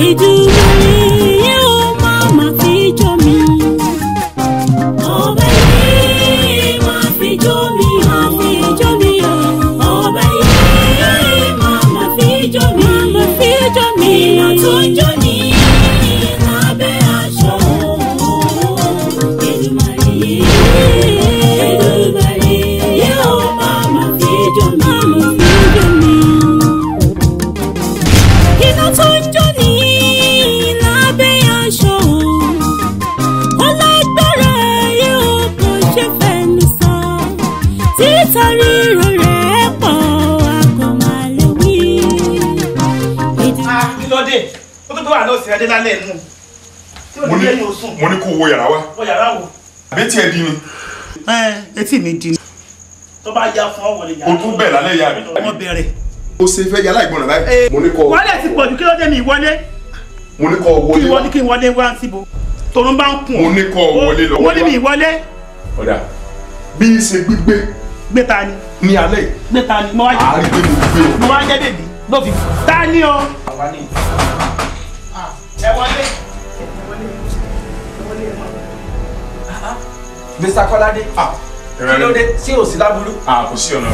e do sí adé lálẹ́ nù. mo ní mo ní kó wo yàrá wa. wo yàrá wo. àbí tiẹ̀ di ni. ẹ etí mi di ni. tó ya fún ọwọ́ lè yàrá. o tún bẹ̀ lálẹ́ yà mí. ọmọ bẹ̀rẹ̀. o ṣe fẹ́ yàrá ìgbọ̀nà báyìí. Eh, mo ní kọ́ wọlé ti pọ̀jù kí ló dé mi wọlé. mo ní kọ́ wọlé. kí wọlé kí wọlé wá sí bo. tòun bá ń kun. mo ní kọ́ wọlé lọ́wọ́ wa. wọlé mi wọlé. ọ̀dà bí í ṣe gbígbé. gbé ni. ní alẹ́. ni. mo wá jẹ́ mo wá jẹ́ bèbí ló fi. ta ni o. àwa ni ẹ wọlé ẹ wọlé ẹ wọlé ẹ wọlé. Mr. Kọ́ládé ah, kí ló dé tí ò sí láburú. a ah, kò sí ọ̀nà.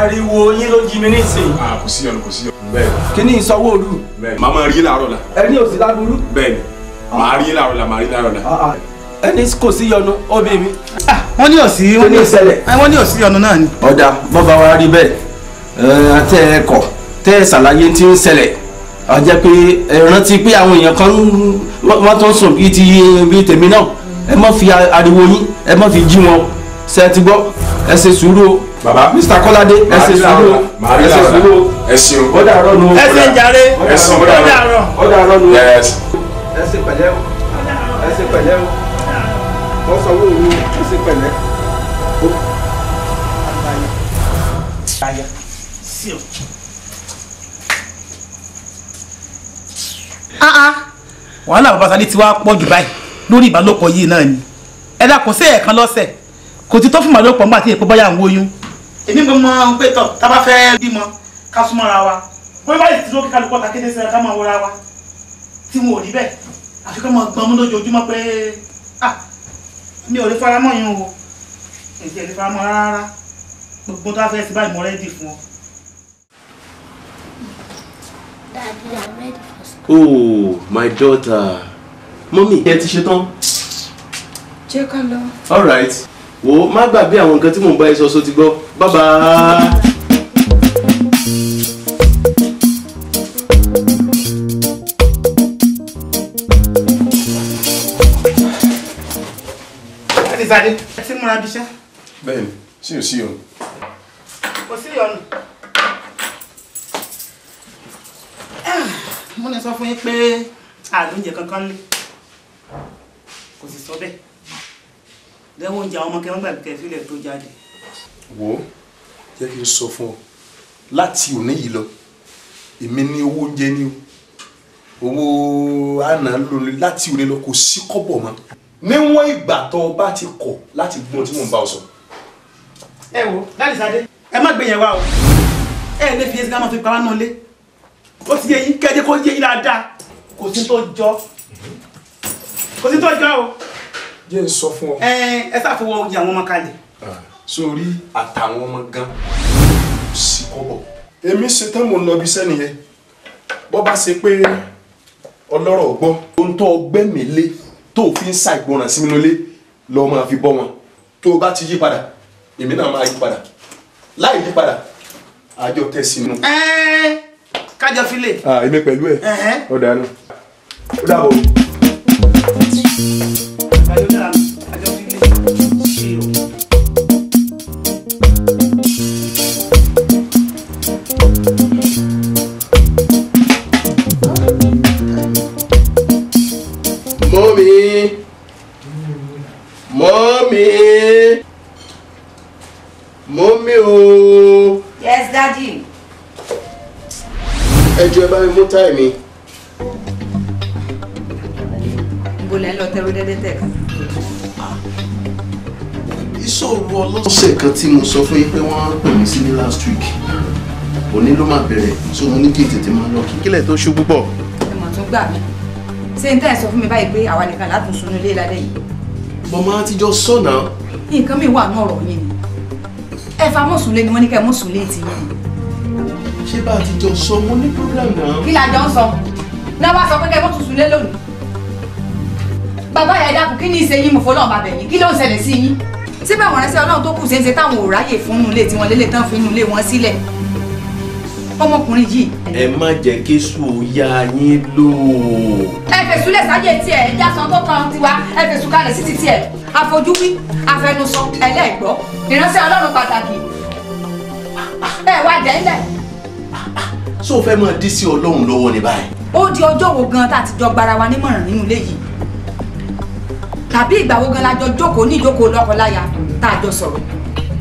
ariwo yín ló jí mi nísìnyí. a ah, kò sí ọ̀nà kò sí ọ̀nà. bẹ́ẹ̀ni. kí ni ìsanwó olú. bẹ́ẹ̀ni màá máa rí làárọ̀ la. ẹ ní ò sí láburú. bẹ́ẹ̀ni màá rí làárọ̀ la màá rí làárọ̀ la. ẹni kò sí yọnu obì mi. wọ́n ní òsì wọ́n ní ìṣẹ̀lẹ̀. wọ́n ní òsì yọnu náà ni. ọ̀dà bọ́ba wa rí bẹ́ẹ̀ àtẹ ẹ̀kọ́ tẹ́ ṣàlàyé tí ń ṣẹlẹ̀ a jẹ́ pé ẹ pé àwọn èèyàn kan wọ́n tó ń sùn bíi ti bíi tèmi náà ẹ má fi ariwo yín ẹ má fi jí wọn ṣe ti gbọ́ ẹ ṣe sùúrù o baba mr kọ́ládé ẹ ṣe sùúrù o ẹ ṣe sùúrù o ẹ ṣeun ó dàárọ̀ nù. ẹ ṣe ń jàre ẹ ṣeun ó dàárọ̀ ó dàárọ̀ nù. ẹ ṣe pẹ̀lẹ́ o ẹ ṣe pẹ̀lẹ́ o wọ́n sọ wọ́n òru ẹ ṣe pẹ̀lẹ́ o. Ah, ah. wàhálà babasade ti wá pọ̀ jù báyìí lórí ìbálòpọ̀ yìí náà ni ẹ dákun sí ẹ̀ẹ̀kan lọ́sẹ̀ kò ti tọ́ fún ìbálòpọ̀ nígbà tí èpo bọ́yà ń wóyún. èmi gbọ́n mọ pé tọ̀ tá a bá fẹ́ bímọ ká súnmọ́ra wa bóyá báyìí ti lókè kálukọ́ ta kété sẹ́ra ká máa wọra wa tí wọn ò rí bẹ́ẹ̀ àfi ká máa gbọ́n mú lójoojúmọ́ pé ah mi ò lè fara mọ́ yín o èdè ẹ̀ lè fara mọ́ rárá gbogbo tó a fẹ́ sí báyìí mo oh my daughter mommy. ẹ ti ṣe tán. jẹ́ ká all right wo má gbàgbé àwọn nǹkan tí mò ń bá ẹ sọ so ti gbọ́ bye bye. Adesade, ẹ ti múra bíṣẹ́. Ben, ṣé o sí ọ̀nà? Kò sí ọ̀nà. mo lè sọ fún yín pé àlóúnjẹ kankan lé kò sì sọ de lẹ́wọ́ oúnjẹ àwọn ọmọ kẹwọn gbàgbé kẹfílẹ̀ tó jáde. wo jẹ́ kí n sọ fún ọ láti òní yìí lọ èmi ní owó oúnjẹ ní o owó àná lónìí láti òní lọ kò sí kọ́bọ̀ mọ́ níwọ̀n ìgbà tó o bá ti kọ̀ láti gbọ́n tí mò ń bá ọ sọ. ẹ wo láti sáde ẹ má gbé yẹn wá o ẹ lè fi ẹsẹ̀ ká máa fi pa wá náà ó ti yẹ yín kẹ́jẹ́ kó yé yín dáadáa kò sí tó jọ kò sí tó jọ o. jẹ́ ń sọ fún ọ. ẹ ẹ ṣàfihàn oúnjẹ àwọn ọmọ kalẹ̀. Ah, sórí àtàwọn ọmọ gan sí kọ́bọ̀. èmi ṣe tán mò ń lọ bí sẹ́ni yẹn bọ́ bá ṣe pé ọlọ́rọ̀ gbọ́ tó ń tọ́ ọgbẹ́ mi lé tó fi ń ṣàìgbọràn sí mi lólé lọ́ọ́ máa fi bọ́ wọn tó o bá ti yí padà èmi náà máa yí padà láì yí padà àjọ tẹ̀sí nù. ẹ ẹ kájọ filẹ̀. Ah, èmi pẹ̀lú ẹ̀ ó dáa ó dàbọ̀. Mommy. Mommy. Mommy o. Yes, daddy ẹjọ ẹ bá mi mú táì mi. ìbòlẹ̀ ń lọ tẹ́rù dédé tẹ̀. ìṣòro ọlọ́sẹ̀ kan tí mo sọ fún yín pé wọ́n pè mí sí ní last week òní ló máa bẹ̀rẹ̀ tí mo ní kí n tètè máa lọ kí. kílẹ̀ tó ṣubú bọ̀. ẹ̀mọ̀ tún gbà mí ṣé n tẹ́ ẹ̀ sọ fún mi báyìí pé àwa nìkan látún sunú ilé lálẹ́ yìí. bọ́mọ á ti jọ sọ̀nà. nǹkan mi wà náà ọ̀rọ̀ yẹn ni ẹ fa mọ̀sùn lé ni wọ́n ní kẹ́ mọ̀sùn lé tì yẹn ni ṣé bá a ti jọ sọ mo ní problem náà. kí la jọ ń sọ náà wá sọ pé kẹ́ ẹ lé lónìí. bàbá ìyá dákun kí ni ìṣe yín mo fọlọ́ bàbẹ̀ yín kí ló ń ṣẹlẹ̀ sí yín. síbẹ̀ wọ́n rẹ́sẹ̀ ọlọ́run tó kù ṣeéṣe táwọn ò ráyè fún nulẹ̀ tí lélẹ̀ tán fi nulẹ̀ wọn sílẹ̀. ọmọkùnrin yìí. ẹ má jẹ́ kí sùn ya yín lò. ẹ fèsù lẹ̀ sáyé tiẹ̀ ẹ já san tó kan tiwa ẹ fèsù kalẹ̀ sí ti tiẹ̀ àfojúwí afẹnusọ ẹlẹ́gbọ́ ìránṣẹ́ ṣó o fẹ́ mọ̀ dí sí ọlọ́run lọ́wọ́ ni báyìí. ó di ọjọ́ wo gan tá a ti jọ gbara wa nímọ̀ràn nínú ilé yìí tàbí ìgbà wo gan la jọ jókòó ní ìjókòó lọ́kọláya tá a jọ sọ̀rọ̀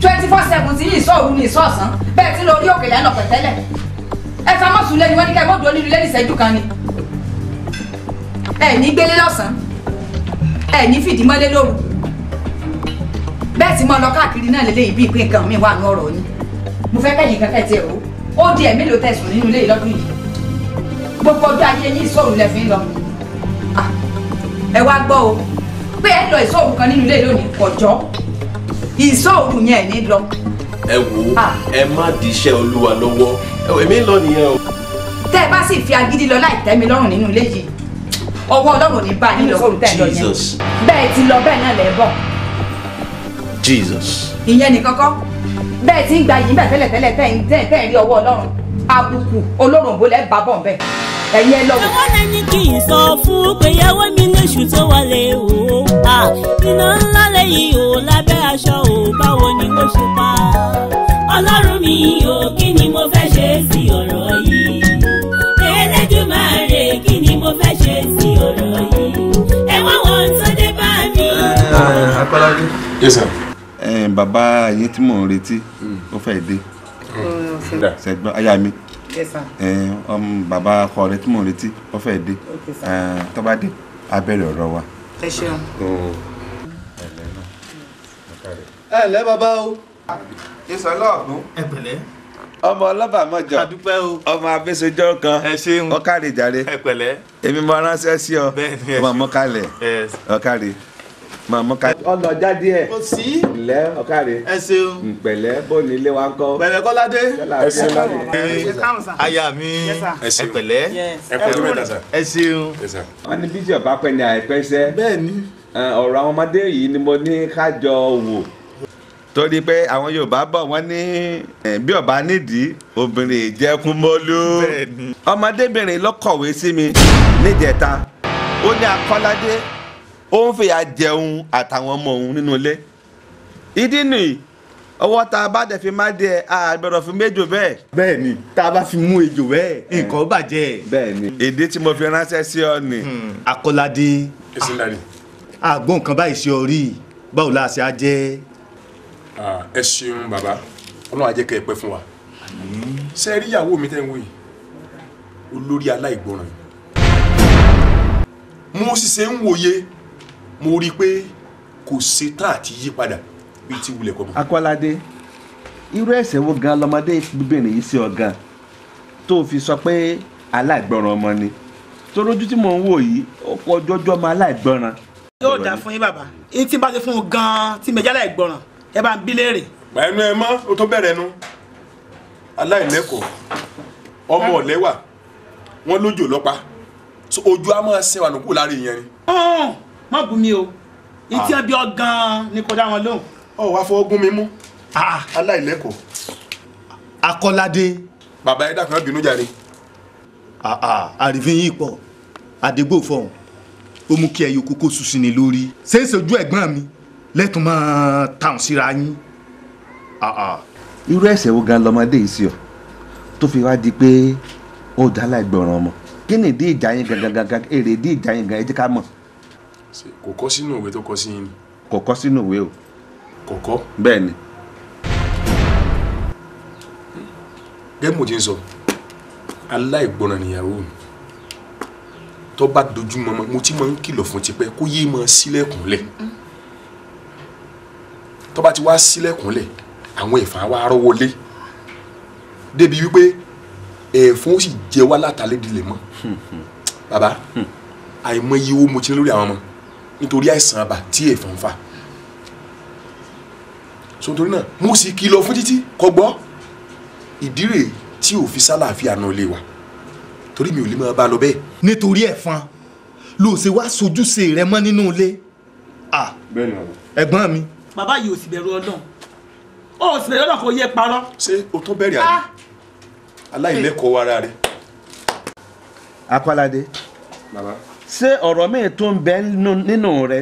twenty four seven ti yín ìṣọ́ òru ní ìṣọ́ ọ̀sán bẹ́ẹ̀ tí lórí òkè lẹ́nu ọ̀pẹ̀ tẹ́lẹ̀ ẹ fa mọ́sùn lẹ́nu wọ́n ní ká ẹ mọ́dún onílù lẹ́nu ìṣẹ́jú kan ni ẹ ní gbélé lọ́sàn ẹ ní fìdí mọ́lé lóru bẹ́ẹ̀ tí mo lọ káàkiri náà lélẹ́yìí bí ìpín nǹkan mi wà ní ọ̀rọ̀ yín mo fẹ́ kẹ́yìn kankan tiẹ̀ o ó di ẹ̀ mélòó tẹ̀sùn nínú ilé lọ́dún yìí gbogbo ọjọ́ ayé yín sóòrùn lẹ fi ń lọ ẹ wá gbọ́ o pé ẹ lọ ìsóòrùn kan nínú ilé lónìí kọjọ́ ìsóòrùn yẹn ní lọ. ẹ wo ẹ má díṣẹ́ olúwa lọ́wọ́ èmi ń lọ nìyẹn o. tẹ́ ẹ bá sì fi agídí lọ láì tẹ́mi lọ́rùn nínú ilé yìí ọwọ́ ọlọ́run ní bá yín lọ fóònù tẹ́ ẹ lọ yẹn bẹ́ẹ̀ ti lọ bẹ́ẹ̀ náà lẹ́ bọ̀. Jesus. ìyẹn nìkan kọ́ bẹ́ẹ̀ ti ń gba yìí bẹ́ẹ̀ tẹ́lẹ̀ tẹ́lẹ̀ tẹ́ ń dẹ́ tẹ́ ń rí ọwọ́ ọlọ́run àbùkù olóròǹbó lẹ́ bá bọ̀ ń bẹ̀ ẹ̀yin ẹ lọ́wọ́. ẹ̀wọ́n lẹ́ni kì í sọ fún péyàwó mi lóṣù tó wọlé o iná ńlá lẹ́yìn o lábẹ́ aṣọ o báwo ni mo ṣe pa ọlọ́run mi o kí ni mo fẹ́ ṣe sí ọ̀rọ̀ yìí Elédùmarè kí ni mo fẹ́ ṣe sí ọ̀rọ̀ yìí ẹ̀wọ́n wọn tó dé bá mi. akọ́lájú. bàbá yín tí mò ń retí fẹ́ dé ṣẹgbọn aya mi um, bàbá ọkọ rẹ tí mò ń retí ó fẹ́ dé tó bá dé a bẹ̀rẹ̀ ọ̀rọ̀ wa. ẹ ṣeun. Oh. ẹ ǹlẹ́ bàbá o. ìsọ̀ lọ́ọ̀dún. ẹ pẹ̀lẹ́ ọmọ ọlọ́bà mọ̀jọ ọmọ abẹ́sẹjọ́ kan ọkàrè jàre èmi mo ránṣẹ́ sí ọ ọmọ mọ́kàlẹ̀ ọkàrè mọ̀mọ́ ká. ọ̀nà jáde ẹ̀. kò sí. ilẹ̀ ọ̀kàrẹ̀. ẹ ṣeun. pẹ̀lẹ́ bó ni ilé wa ń kọ́. pẹ̀lẹ́ kọ́ládé. ẹ ṣeun ládé. aya mi ẹ pẹ̀lẹ́. ẹ pẹ̀lú mẹ́ta sà. ẹ ṣeun. wọ́n ní bíjì ọ̀bá pẹ́ ni àìpẹ́sẹ́. bẹ́ẹ̀ni. ọ̀rọ̀ àwọn ọmọdé yìí ni mo ní ká jọ wò. torí pé àwọn Yorùbá bọ̀ wọ́n ní bí ọba nídìí obìnrin ìjẹkùn mọ́lú. ọmọdébìnrin ló kọ̀wé sí mi níjẹta ó ní akọ́ládé ó ń fìyà jẹun àtàwọn ọmọ òun nínú ilé ìdí nìyí ọwọ́ tá a bá dẹ̀ fi má dẹ̀ àgbẹ̀rọ̀ fi méjò bẹ́ẹ̀. bẹ́ẹ̀ni tá a bá fi mú ejò bẹ́ẹ̀ nǹkan bàjẹ́. bẹ́ẹ̀ni èdè tí mo fi ránṣẹ́ sí ọ ni. Hmm, akọ́ládé àgbọn kan báyìí ṣe ọ rí báwo la ṣe á jẹ́. ẹ ṣeun bàbá ọlọ́run á jẹ́ kẹ́ ẹ pẹ́ fún wa ṣe rí ìyàwó mi tẹ́ ń wí olórí aláìgbọràn mo sì ṣe ń wòye mo rí i pé kò ṣe tán àti yí padà bíi ti wulẹ̀ kọ́ mọ́. Akọ́ládé irú ẹ̀ṣẹ̀ wo gan lọmọdé bíbẹ̀rẹ̀ yìí sí ọ gan tó fi sọ pé aláìgbọràn ọmọ ni torójú tí mò ń wò yìí ó pọ̀ jọjọ ọmọ aláìgbọràn. yóò dà fún yín bàbá yín tí n bá ti fún un gan tí mẹjá aláìgbọràn ẹ bá ń bí léèrè. ẹnu ẹ mọ o tó bẹ̀rẹ̀ nu aláìlẹ́kọ̀ọ́ ọmọ ah. ọ̀lẹ́wà wọn lójú ọlọ́pàá ojú a máa ṣẹwà nùkú láàrin yẹn má bú mi o ìtí ah. ẹbí ọgán ni kò dá wọn lóhùn. ọ wàá fọwọ́ gún mi mú ah. aláìlẹ́kọ̀ọ́. akọ́ládé. bàbá ẹ̀dá kan bínú jàre. Ah, àrífín yìí pọ̀ àdégbò fọ̀hún ó mú kí ẹyọ kókó ṣùṣì ní lórí ṣé é ṣojú ẹ̀gbọ́n mi lẹ́tùn máa tàùn síra yín. irú ẹ̀ṣẹ̀ wo gan lọmọdé yìí sí ọ tó fi wá di pé ó dá láì gbọràn ọmọ kí ni ìdí ìjà yín gangan gangan èrè ìdí ìjà yín gangan ẹ jẹ́ ká mọ̀ kò kọ sínú ìwé tó kọ sí yín ni. kò kọ sínú ìwé o. kò kọ. bẹ́ẹ̀ ni. gẹ́gẹ́ mo ti ń sọ aláìgbọràn nìyàwó mi tó bá dojú mọ́ mo ti máa ń kìlọ̀ fún tipẹ́ kó yéé máa sílẹ̀kùnlẹ̀ tó bá ti wá sílẹ̀kùnlẹ̀ àwọn ẹ̀fọn wa rọ́ wọlé débi wípé ẹ̀fọn ó sì jẹ wá látàlédìlẹ̀ mọ́ hmm, hmm. bàbá hmm. àìmọye owó mo ti ní lórí àwọn ọmọ nítorí àìsàn àbà tí èèfọ̀ ń fà so nítorí náà mo sì kìlọ̀ fún títí kò gbọ́ ìdí rèé tí ò fi sálàáfíà náà lé wa torí mi ò lè máa bá a lọ bẹ́ẹ̀. nítorí ẹ̀fọn ló ṣe wá sojúṣe rẹ mọ́ nínú ilé ẹ̀gbọ́n mi. bàbá yìí ò sì bẹ̀rù ọlọ́run ó sì bẹ̀rù ọlọ́run kò yẹ parọ́. ṣé o tó bẹ̀rẹ̀ àná ah! aláìlẹ́kọ̀ọ́ ara rẹ. akọ́ládé. bàbá ṣé ọ̀rọ̀ míì tó ń bẹ nínú rẹ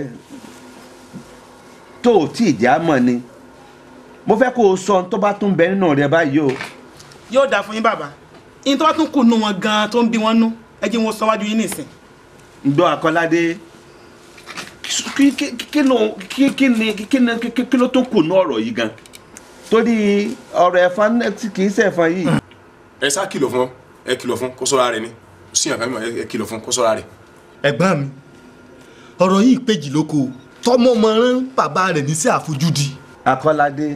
tó o tí ì já mọ̀ ni mo fẹ́ kó o sọ tó bá tún bẹ nínú rẹ báyìí o. yóò dáa fún yín bàbá yín tó bá tún kù nù wọn gan-an tó ń bí wọn nú ẹ jẹ́ wọn sọ wájú yín nìsín. ń gbọ́ àkọládé kí ló tún kù nú ọ̀rọ̀ yìí gan torí ọ̀rọ̀ ẹ̀fọn tí kì í ṣẹ̀fọn yìí. ẹ sá kìlọ̀ fún ẹ kìlọ̀ fún kó sọ́ra rẹ ni síyàn kan mímọ ẹ kìlọ̀ fún kó sọ́ra rẹ ẹ̀gbọ́n mi ọ̀rọ̀ yìí péjì lóko tọmọ ọmọ rán bàbá rẹ̀ ní sí àfojúdi. akọ́ládé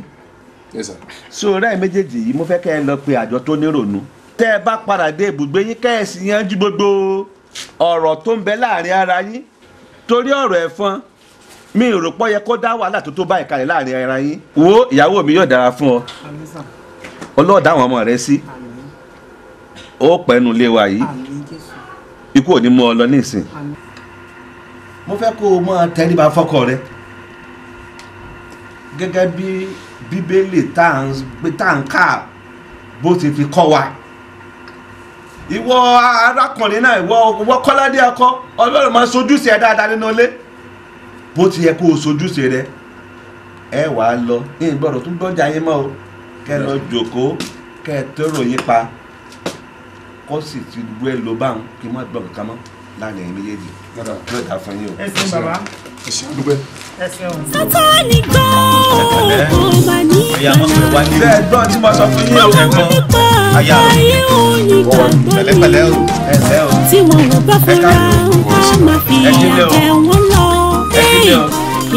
sóòrẹ́ méjèèjì yìí mo fẹ́ kẹ́ ẹ lọ pe àjọ tó nírònú tẹ́ ẹ bá padà dé ibùgbé yín kẹ́ ẹ sì yanjú gbogbo ọ̀rọ̀ tó ń bẹ láàrin ara yín torí ọ̀rọ̀ ẹ̀fọn mi ò rò pọ́ yẹ kó dá wàhálà tó tó bá ìkàlẹ̀ láàrin ara yín wo ìyàwó mi yóò dára fún ọ ọlọ́ọ̀dá àwọn ọmọ rẹ sí ó pẹ́nu lé wa yìí ikú ò ní mú ọ lọ ní ìsìn. mo fẹ́ kó o máa tẹríba fọ́kọ rẹ gẹ́gẹ́ bí bíbélì tá à ń kà bó ti fi kọ́ wa ìwọ arákùnrin náà ìwọ kọ́ládé akọ ọlọ́run máa sojúṣe ẹ dáadáa nínú ilé bó ti yẹ kó o sojúṣe rẹ ẹ wàá lọ ní ìgbọ́dọ̀ tó gbọ́jà yín mọ́ o kẹ́ ẹ lọ jòkó kẹ́ ẹ tó ròyìn pa kọ́ sì ti wẹ́ lọ báwọn kí n má kankan mọ́ láàrin ẹ̀yìn méjèèjì yóò dá fún yín o. ẹ bàbá ẹ ṣeun dúpẹ́. sátani gbọ́ ọ̀gbọ́n ní ìgbàlá bẹ́ẹ̀ gbọ́n tí mo sọ fún yín o ẹ̀gbọ́n ayé o pẹ̀lẹ́pẹ̀lẹ́ ò bá fúnra wọn máa yìí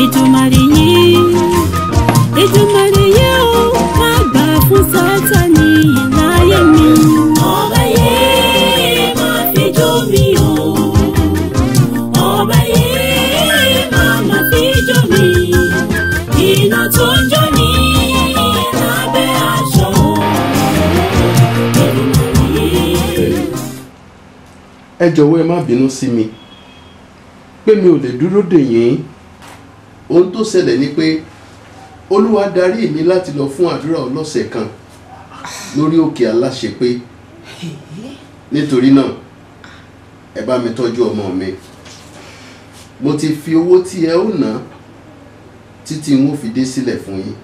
ìdùnmọ̀rì yìí ó má gbà fún sátani yìí. ẹ jọ̀wọ́ ẹ má bínú sí mi pé mi ò lè dúró dè yín ohun tó ṣẹlẹ̀ ni pé olúwa darí mi láti lọ fún àdúrà ọlọ́sẹ̀ kan lórí òkè aláṣepé nítorí náà ẹ bá mi tọ́jú ọmọ mi mo ti fi owó tí ẹ ó ná títí n ó fi dé sílẹ̀ fún yín.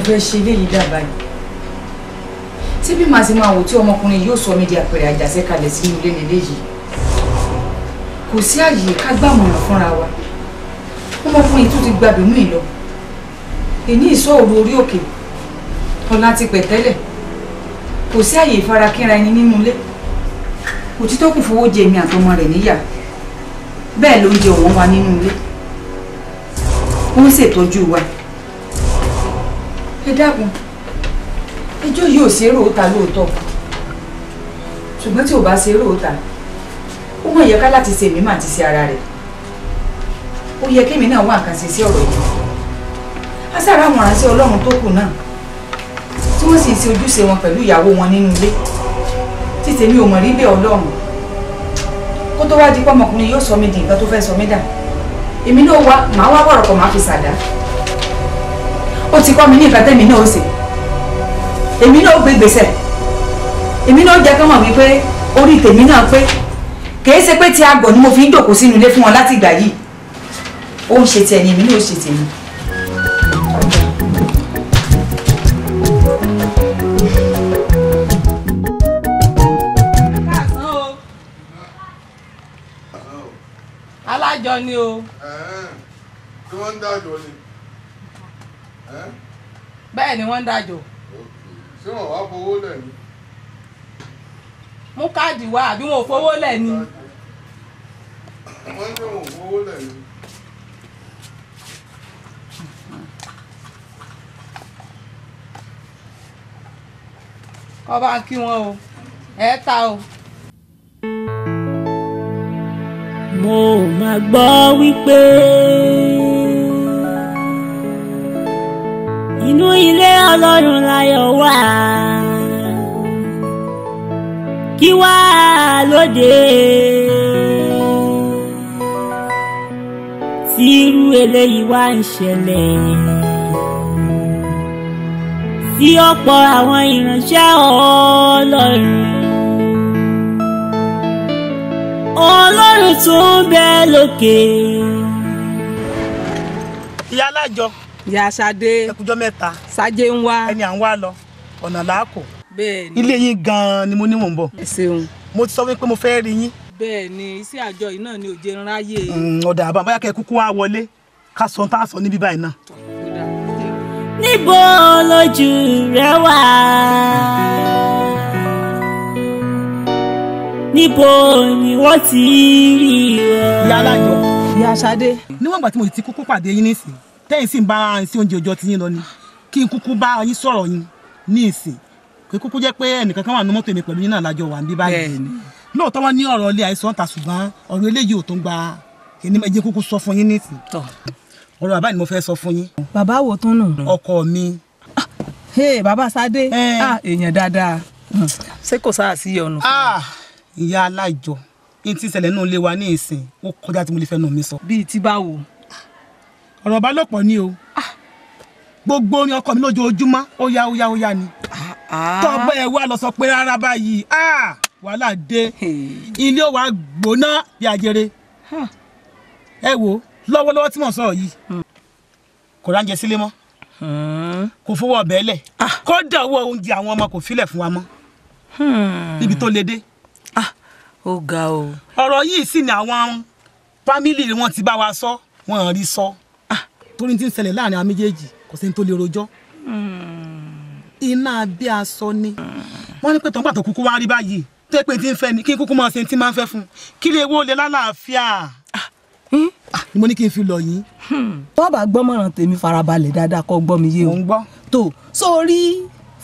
mo fẹ́ ṣe léyìí dàbà yìí tí bí màá ti máa wò tí ọmọkùnrin yóò sọ mí di àpẹẹrẹ àjàṣe kalẹ̀ sínú ilé lélẹ́yìí kò sí àyè ká gbàmọ̀ràn fúnra wa ọmọkùnrin tún ti gbàgbé mú ìlọ èní ìsọ òru orí òkè ọ̀la ti pẹ̀ tẹ́lẹ̀ kò sí àyè ìfarakínra ẹni nínú ilé òtítọ́ kò fowó jẹ èmi àtọmọ rẹ̀ níyà bẹ́ẹ̀ ló ń jẹ òun wa nínú ilé ó ń ṣètọ́jú wa ẹ dákun ijó yìí ò ṣe é ròóta lóòótọ́ ṣùgbọ́n tí ò bá ṣe é ròóta ó mọ̀ yẹ ká láti ṣe mímọ̀ àti ṣe ara rẹ̀ ó yẹ kémi náà wá nǹkan ṣe sí ọ̀rọ̀ yìí asára àwọn aránṣẹ́ ọlọ́run tó kù náà tí wọ́n sì ń ṣe ojúṣe wọn pẹ̀lú ìyàwó wọn nínú ilé tí tèmi ò mọ̀ rí bẹ́ẹ̀ ọlọ́run kó tó wá di pọ́mọkùnrin yóò sọ mí di nǹkan tó fẹ́ sọ mí dà èmi náà wá màá wá wọ̀rọ̀kọ̀ màá fi ṣàdá o ti kọ́ mi ní nǹkan tẹ́mi náà ó ṣe èmi náà ó gbé gbèsè èmi náà ó jẹ́ kí wọ́n wí pé orí tèmi náà pé kìí ṣe pé ti àgbọ̀ ni mo fi ń jòkó sínú ilé fún wọn láti ìgbà yìí ó ń ṣe tiẹ̀ èmi náà ṣe tèmi. alájọ ni o. tí wọ́n ń dájọ́ ni bẹ́ẹ̀ ni wọ́n ń dájọ́. ṣé wọn wá fowó lẹ̀ ni. mú káàdì wá àbí wọn ò fowó lẹ̀ ni. wọ́n ní wọn ò fowó lẹ̀ ni. kọ́ bá ń kí wọn o ẹ ta o. mo máa gbọ́ wípé. inú ilé ọlọ́run láyọ̀ wà kí wá lóde tí irú eléyìí wá ń ṣẹlẹ̀ sí ọ̀pọ̀ àwọn ìránṣẹ́ ọlọ́run ọlọ́run tó ń bẹ lókè. ìyá alájọ ìyá Ṣadé ẹkùjọ mẹ́ta Ṣadé ń wá ẹni à ń wá lọ ọ̀nà làákò ilé yín gan-an ni mo ní mò ń bọ̀ mo ti sọ wípé mo fẹ́ rí yín. bẹ́ẹ̀ ni iṣẹ́ àjọ yìí náà ni ò jẹ́ ráyè. Mm, ọ̀dà àbábáyá kẹ́ kúkú wá wọlé ká sọ tá a sọ níbí báyìí náà. níbo lójú rẹ wà níbo ni wọ́n ti rí ọ. yálà jọ. ìyá Ṣadé níwọ̀n ìgbà tí mo ti kúkú pàdé yín nísìnyí tẹ́yìn sì ń bá ara sí oúnjẹ òjò tiyín lọ ni kí n kúkú bá yín sọ̀rọ̀ yín ní ìsìn kí kúkú jẹ́ pé ẹnìkan kan wà ní mọ́tò mi pẹ̀lú yín náà lájọ wà níbí báyìí lóòótọ́ wọn ní ọ̀rọ̀ ilé àìsàn ta ṣùgbọ́n ọ̀rọ̀ eléyìí ò tó ń gba kíní ẹjẹ́ kúkú sọ fún yín ní ìsìn ọ̀rọ̀ bàbá ni mo fẹ́ sọ fún yín. bàbá wo tó nù. ọkọ mi. Ah, bàbá Sadé ah, èèyàn dáadáa hmm. ṣé kò sáà sí ọ̀nà. Ah, ìyá aláìjọ ní ti ìṣẹ̀lẹ̀ náà lé wa ní ìsìn ó kọjá tí mo lè fẹ́ nù mí sọ. bíi ti báwo ọ̀rọ̀ balọ̀pọ̀ ni o ah. gbogbo orin ọkọ mi lójoojúmọ́ ó yá ó yá ó yá ni ah, tọ́gbẹ́ ah. ẹ̀ wá lọ sọ pé rárá báyìí wàhálà dé ilé wa gbóná bí ajere ẹ wo lọ́wọ́lọ́wọ́ tí mò ń sọ̀rọ̀ yìí hmm. kò ránjẹ sílé mọ́ hmm. kò fowó ọbẹ̀ lẹ̀ kódà owó oúnjẹ àwọn ọmọ kò filẹ̀ fún wa mọ́ hmm. níbi tó le dé. ó ga o. ọ̀rọ̀ yìí sì ni àwọn fámìlì wọn ti bá wa sọ wọn rí sọ. So torí ti ń ṣẹlẹ̀ láàrin àwọn méjèèjì kò sẹ́ni tó lè rojọ́ iná bí aṣọ ni wọ́n ní pé tọ́gbà tó kúkú wá rí báyìí tó pé tí ń fẹ́ ni kí kúkú máa ṣe tí máa ń fẹ́ fún kí lè wó lè lálàáfíà ni hmm? ah, mo ní kí n fi lọ yín. Hmm. tó bá gbọ́mọ̀ràn tèmi farabalẹ̀ dáadáa kó gbọ́ mi yé o tó sórí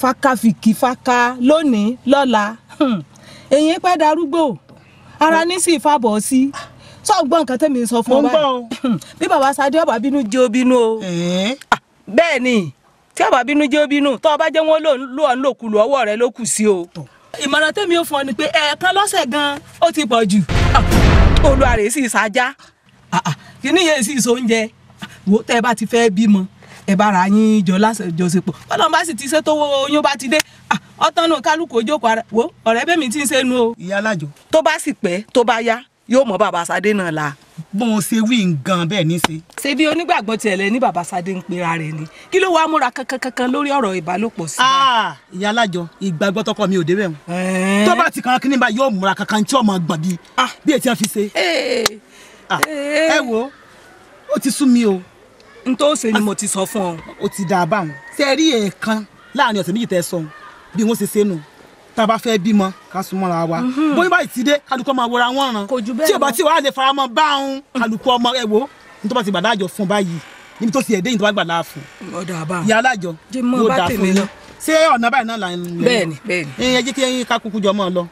fakafìkì faka lónìí lọ́la èyí hmm. pẹ́ darúgbó ara ní sì fàbọ̀ sí sọ gbọ́n nǹkan tẹ́mi sọ fún ọ bí bàbá sadé ọba bínú jẹ́ obínú o ah, bẹ́ẹ̀ ni tí ọba bínú jẹ́ obínú tọ́ ọba jẹ́ wọn lò ọ́n lòkulù ọwọ́ rẹ ló kù sí o. ìmọ̀ràn tẹ́mi ó fún ọ ni pé ẹ̀ẹ̀kan lọ́sẹ̀ gan-an ó ti pọ̀ jù ah, olùwàrè sì sájà ah, kìíní yẹn sì so oúnjẹ wo tẹ́ ẹ bá ti fẹ́ bímọ ẹ bá ra yín jọ lásìjọsepọ̀ bọ́lá bá sì ti ṣètò oyún bá ti dé ọtán náà kálukú ojókòó ara wo ọ̀rẹ́ bẹ́mi ti ń ṣe nu o. ìyá alájọ. tó bá sì pẹ́ tó bá yá yóò mọ bàbá sadé náà la. bọ́n ṣe wí nǹkan bẹ́ẹ̀ ní ṣe. ṣebí onígbàgbọ́ tiẹ̀ lẹ ní bàbá sadé ń pera rẹ̀ ni kí ló wàá múra kankankan lórí ọ̀rọ̀ ìbálòpọ̀ sí i. Ah, ìyá alájọ ìgbàgbọ́ tọkọ mi ò débẹ̀ wọn. tó bá ti kankan níbà yóò múra kankan tí ọmọ gbọ̀n bí ah. bí ètí wọn fi ṣe. Eh. Ah, eh. ẹ wo ó ti sú mi o. n tó ṣe ni mo ti sọ fún ọ. o ti dà báwọn. ṣe rí ẹ̀ẹ̀kan láàrin ọ̀sẹ̀ méjì tẹ́ tá a bá fẹ́ bímọ ká súnmọ́ra wa mhm. bóyá báyìí ti dé kálukú máa wọra wọn ràn tí o bá tí wàá lè faramọ́ bá òun kálukú ọmọ ẹ wo ní tó bá ti gbàdá àjọ fún báyìí níbi tó ti ẹ̀ déyìn tó bá gbàdá fún ìyá alájọ yóò dá fún yín ṣé ọ̀nà báyìí náà là ń lọ bẹ́ẹ̀ ni bẹ́ẹ̀ ni ẹ jẹ́ kí ká kúkú jọ mọ́ ọ lọ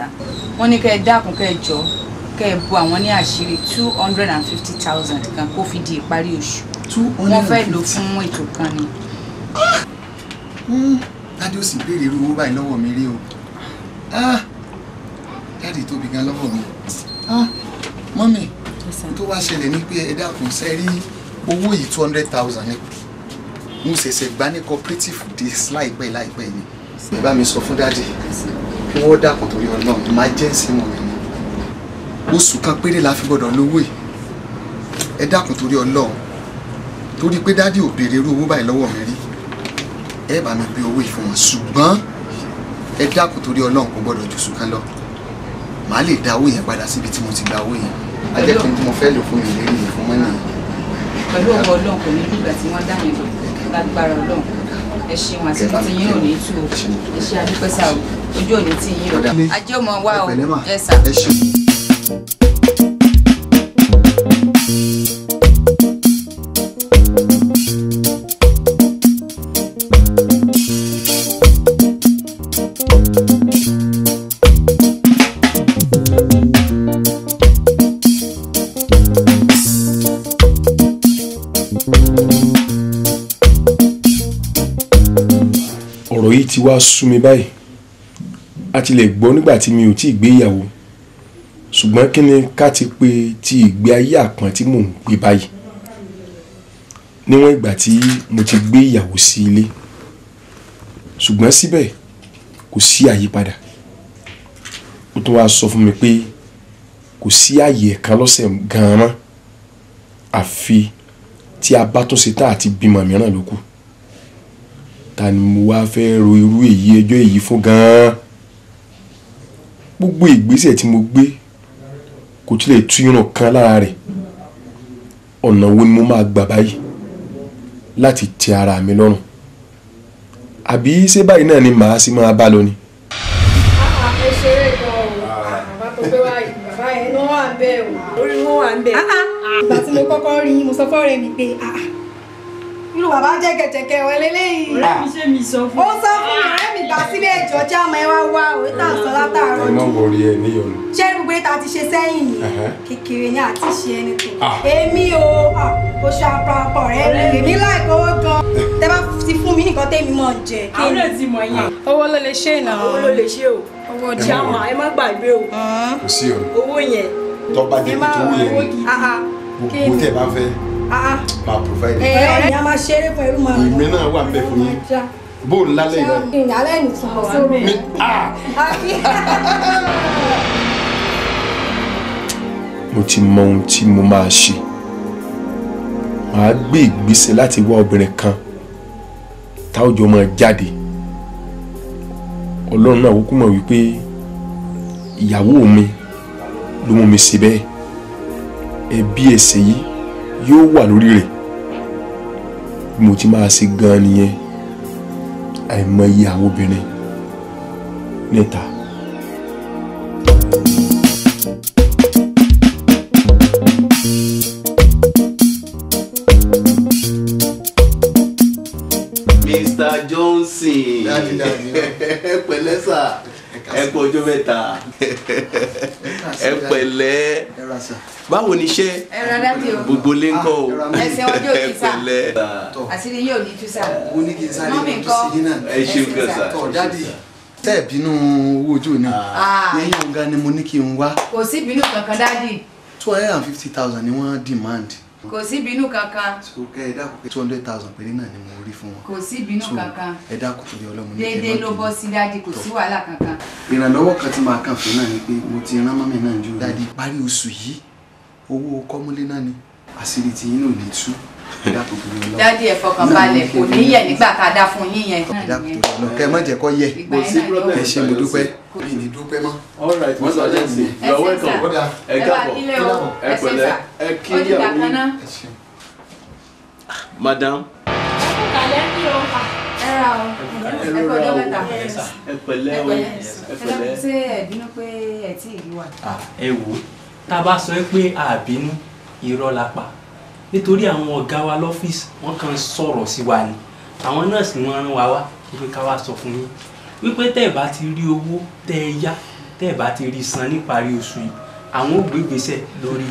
sà wọ́n ní kẹ́ ẹ dákun kẹ́ ẹ jọ kẹ́ ẹ bu àwọn ní àṣírí two hundred and fifty thousand kan kó fi di ìparí oṣù wọ́n fẹ́ lò fún ètò kan ni. Hmm, dádì ó sì béèrè irú owó báyìí lọ́wọ́ mi rí o ah, dádì tóbi gan lọ́wọ́ mi ah, mọ́mì tó wá ṣẹlẹ̀ ní pé ẹ dákun sẹ́rí owó yìí two hundred thousand ni mo ṣẹ̀ṣẹ̀ gbá ní cooperative days láìpẹ́ láìpẹ́ yìí ẹ bá mi sọ fún dádì kí wọ́n dàpọ̀ torí ọlọ́run emergency mọ̀ mí ni oṣù kan péré la fi gbọ́dọ̀ lówó yìí ẹ dàpọ̀ torí ọlọ́run torí pé dádì ò béèrè irú owó báyìí lọ́wọ́ mi rí ẹ bá mi gbé owó yìí fún wọn ṣùgbọ́n ẹ dàpọ̀ torí ọlọ́run kò gbọ́dọ̀ ju oṣù kan lọ màá lè dá owó yẹn padà síbi tí mo ti gba owó yẹn ajẹ́kùn tí mo fẹ́ lò fún mi lérí yẹn fún mọ́nì pẹ̀lú ọ̀pọ̀ ọlọ́run kò ní dìgbà tí wọ́n dá yẹn lọ lágbára ọlọ́run ẹ ṣeun àti tí yín ò ní tù ó ẹ ṣe adúpẹ́sà o ojú òní tí yí o ajé ọmọ wa o ẹ sà. ọ̀rọ̀ yìí ti wá sú mi báyìí tilẹ̀ gbọ́ nígbà tí mi ò tí ì gbéyàwó ṣùgbọ́n kí ni ká ti pe ti ìgbé ayé àpọ́n tí mò ń gbé báyìí níwọ̀n ìgbà tí mo ti gbé ìyàwó sí ilé ṣùgbọ́n síbẹ̀ kò sí àyípadà ó tún wá sọ fún mi pé kò sí àyè ẹ̀kan lọ́sẹ̀ gan-an àfi tí a bá tún ṣe tá àti bímọ mìíràn ló kù ta ni mo wá fẹ́ ro irú èyí ẹjọ́ èyí fún gan-an gbogbo ìgbésẹ̀ tí mo gbé kò tilẹ̀ tú irun kan lára rẹ̀ ọ̀nà wo ni mo máa gbà báyìí láti tẹ́ ara mi lọ́rùn àbí ṣé báyìí náà ni màá sì máa bá lọ ni. bàbá ah, ah. tí mo kọ́kọ́ rí mo sọ fọ́ọ̀rẹ́ mi pé ah, irú bàbá jẹ́gẹ̀jẹ̀gẹ̀ wọ eléyìí. ọ̀rẹ́ mi ṣe mi sọ fún mi. sọ fún mi ọ̀rẹ́ mi gbà sílé ẹ̀jọ́ tí àmọ́ ẹ wá wá òwe tá à sọ látàárọ̀. ẹ má wọrí ẹ níyọnu. ṣé gbogbo ètò àti ṣe sẹ́yìn yìí kékeré ni àti ṣe ẹni tó. Ah. èmi o ah, oṣù àpapọ̀ ọ̀rẹ́ èmi láìpẹ́ owó gan. tẹ bá ti fún mi nìkan tẹ́mi mọ̀ jẹ. àwọn ẹ̀ ti mọ̀ yẹn. Ah. owó ló lè ṣe ìnáwó. owó ló lè ṣe o. owó ọjà wọn ẹ má gbàgbé o. kò sí o. owó yẹn. tọ́ jẹ́ nítorí yẹn ni gbogbo Ah, ah. máa provide. ẹ ẹ ìyá máa ṣeré pẹ̀lú màá. èmi náà wà ń bẹ fún yín bó ń lálẹ́ yìí. ìyálẹ́ nìkan wà ń bẹ. mo ti mọ ohun tí mo máa ṣe màá gbé ìgbésẹ̀ láti wá obìnrin kan táwọn jọ máa jáde ọlọ́run náà kúkú mọ̀ wípé ìyàwó mi ló mú mi ṣe bẹ́ẹ̀ ẹbí ẹ̀ṣẹ̀ yìí yóò wà lórí rẹ̀ bí mo ti máa ṣe gan nìyẹn àìmọye àwọn obìnrin níta. Mr. Johnson ẹ pẹ̀lẹ́ ẹ kú ọjọ́ mẹ́ta ẹ pẹ̀lẹ́ báwo ni iṣẹ́ gbogbo lé ńkọ́ o ah, ẹ pẹ̀lẹ́. àṣírí yóò ní túsà mọ́mí ńkọ́ ẹ ṣe nǹkan sà tẹ́ ẹ̀ bínú owó ojú ni ah. ah. yẹ́yìn ọ̀gá ni mo ní kí n wá. kò sí ìbínú kankan dáàdì. two hundred and fifty thousand ni wọ́n demand kò sí ìbínú kankan. sọkẹ ẹ dákun pé two hundred thousand péré náà ni mo rí fún wọn. kò sí ìbínú kankan. ẹ dákun pé ọlọ́mọ ní ẹgbẹ́ déédéé ló bọ́ sí dáàdi kò sí wàhálà kankan. ìrànlọ́wọ́ kan tí màá kàn fún náà ni pé mo ti rán mọ́mí náà jù. dáàdi parí oṣù yìí owó kọ́múlé náà ni àṣírí ti yín ò tú dádì ẹ fọkànbalẹ̀ kò ní yẹ nígbà tá a dá fún yín yẹn. kẹ mọ jẹ kọ yẹ ẹ ṣe mo dúpẹ́ mi ní dúpẹ́ mọ́. wọ́n sọ jẹ́ sí yọ wẹ́kàn ẹ káàbọ̀ ẹ pẹ̀lẹ́ ẹ kí ìyàwó yín. madam. ẹ kú kàlẹ́ ní o ẹ ra o ẹ kọ́ ọjọ́ mẹ́ta ẹ pẹ̀lẹ́ o ẹ pẹ̀lẹ́. ṣé ẹ bínú pé ẹ tí ì wà. Ah, ẹ wò tá a bá sọ pé àbínú irọ́ la pa nítorí àwọn ọ̀gá wa lọ́fíìsì wọ́n kàn sọ̀rọ̀ sí wa ni àwọn nọ́ọ̀sì ni wọ́n rán wa wá wípé ká wá sọ fún yín wípé tẹ́ ẹ̀ bá ti rí owó tẹ́ ẹ yá tẹ́ ẹ̀ bá ti rí san níparí oṣù yìí àwọn ò gbé ìgbésẹ̀ lórí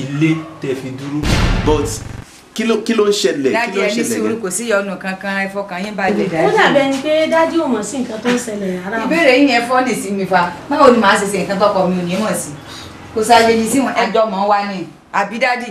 ilé tẹ́ fi dúró. but kí ló kí ló ń ṣẹlẹ̀ kí ló ń ṣẹlẹ̀ yẹn. dájú ẹni sùúrù kò sí ìyọnu kankan ẹ fọkàn yín balẹ̀ dájú. ó dàbẹ̀ ni pé dájú ò mọ̀ sí nǹkan tó ń ṣẹlẹ̀ rárá. ìbéèrè yín yẹn fọ́ọ̀nì sí mi fa báwo ni màá ṣe ṣe nǹkan tọkọ mi ò ní mọ̀ sí kò sáyé ní sí wọn ẹjọ́ mọ̀ wá ni àbí dádì.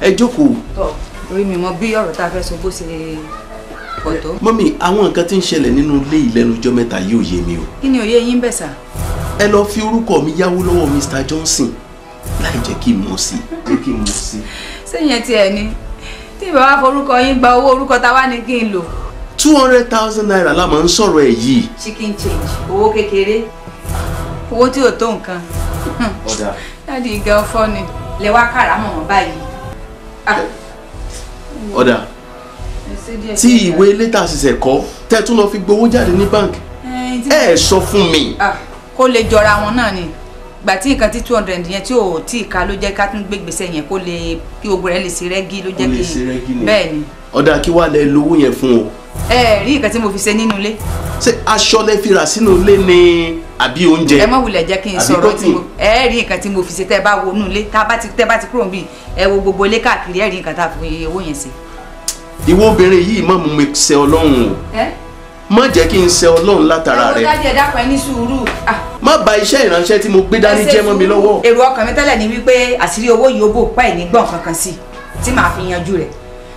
ẹ jókòó. tọ orí mi mọ bí ọ̀rọ̀ tá a fẹ́ sọ bó ṣe pọ̀ tó. mọ́mí àwọn nǹkan tí ń ṣẹlẹ̀ nínú ilé ìlẹ́nujọ́ mẹ́ta yìí ò yé mi o. kí ni òye yín bẹ̀ sà. ẹ lọ fi orúkọ mi yáwó lọ́wọ́ Mr Johnson láì jẹ́ kí n mọ̀ sí jẹ́ kí n mọ̀ sí. sẹ́yìn ẹtì ẹ̀ ni tí ìbá wa forúkọ yín gba owó orúkọ ta wá ní kí n lò. two hundred thousand naira la máa ń sọ̀rọ̀ ẹ̀ yìí. chicken change owó kékeré owó tí ò tó nǹkan. ọ̀dà. dáàdi ìgẹ̀ ọ̀fọ́ ni lè wá kàrà mọ̀ wọ́n báyìí ọ̀dà ah. tí ìwé létà ṣiṣẹ́ kọ́ tẹ́ tún lọ fi gbowó jáde ní báǹkì ẹ sọ fún mi. Ah, kó lè jọra wọn náà ni gbà tí nǹkan tí two hundred yẹn tí ò tí ì ka ló jẹ́ ká tún gbé gbèsè yẹn kó lè kí ogun rẹ̀ lè sí rẹ́gí ló jẹ́ kí bẹ́ẹ̀ ni. ọ̀dà kí wàá lẹ lówó yẹn fún o. ẹ rí nǹkan tí mo fi ṣe nínú ilé. ṣé aṣọ lẹ fi rà sínú ilé ni àbí oúnjẹ ẹ mọ wulẹ̀ jẹ́ kí n sọ̀rọ̀ tí mo ẹ rí nǹkan tí mo fi ṣe tẹ́ bá wo inú ilé tá bá ti tẹ́ bá ti kúrò níbi ẹ wo gbogbo ilé káàkiri ẹ rí nǹkan tá a fi owó yẹn ṣe. ìwọ obìnrin yìí má mú mi ṣe ọlọ́run o má jẹ́ kí n ṣe ọlọ́run látara rẹ. ẹ wo dájú ẹ dákun ẹ ní sùúrù. má bà iṣẹ́ ìránṣẹ́ tí mo gbé dání jẹ́ mọ́ mi lọ́wọ́. èrò ọkàn mi tẹ́lẹ̀ ni wípé àṣírí owó yìí ó bò pẹ́ ní gbọ̀n kankan sí tí màá fi yanjú rẹ̀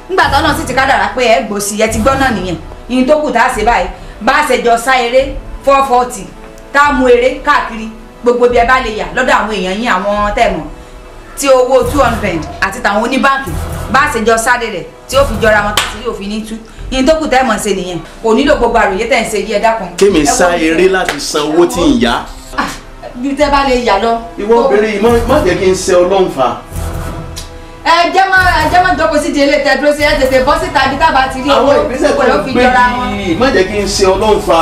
nígbà tó náà sì ti kádàrá pé ẹ gbòòsì ẹ ti gbọ́ náà nìyẹn ìyẹn tó kù tá a ṣe báyìí bá a ṣe jọ sá eré four ká mú eré káàkiri gbogbo bí ẹ bá lè yà lọ́dọ̀ àwọn èèyàn yín àwọn tẹ̀mọ̀ tí owó two hundred àti tàwọn oníbàǹkì bá ṣe jọ sáré rẹ̀ tí ó fi jọra wọn tàbí yóò fi ní tú yín tó kù tẹ́mọ̀ ṣe nìyẹn kò nílò gbogbo àròyé tẹ̀ ń ṣe yí ẹ̀dá kan. kémi sá eré láti san owó tí ń yá. Ah, bí tẹ́ bá lè yà lọ. ìwọ obìnrin má jẹ́ kí n ṣe ọlọ́run fa ẹ jẹ́ mọ́ ẹ jẹ́ mọ́ jókòó sí di tẹ dúró sí ẹ tètè bọ́ síta bí tábà ti rí owó ìpínlẹ̀ tó gbé yìí má jẹ́ kí n ṣe ọlọ́run fa.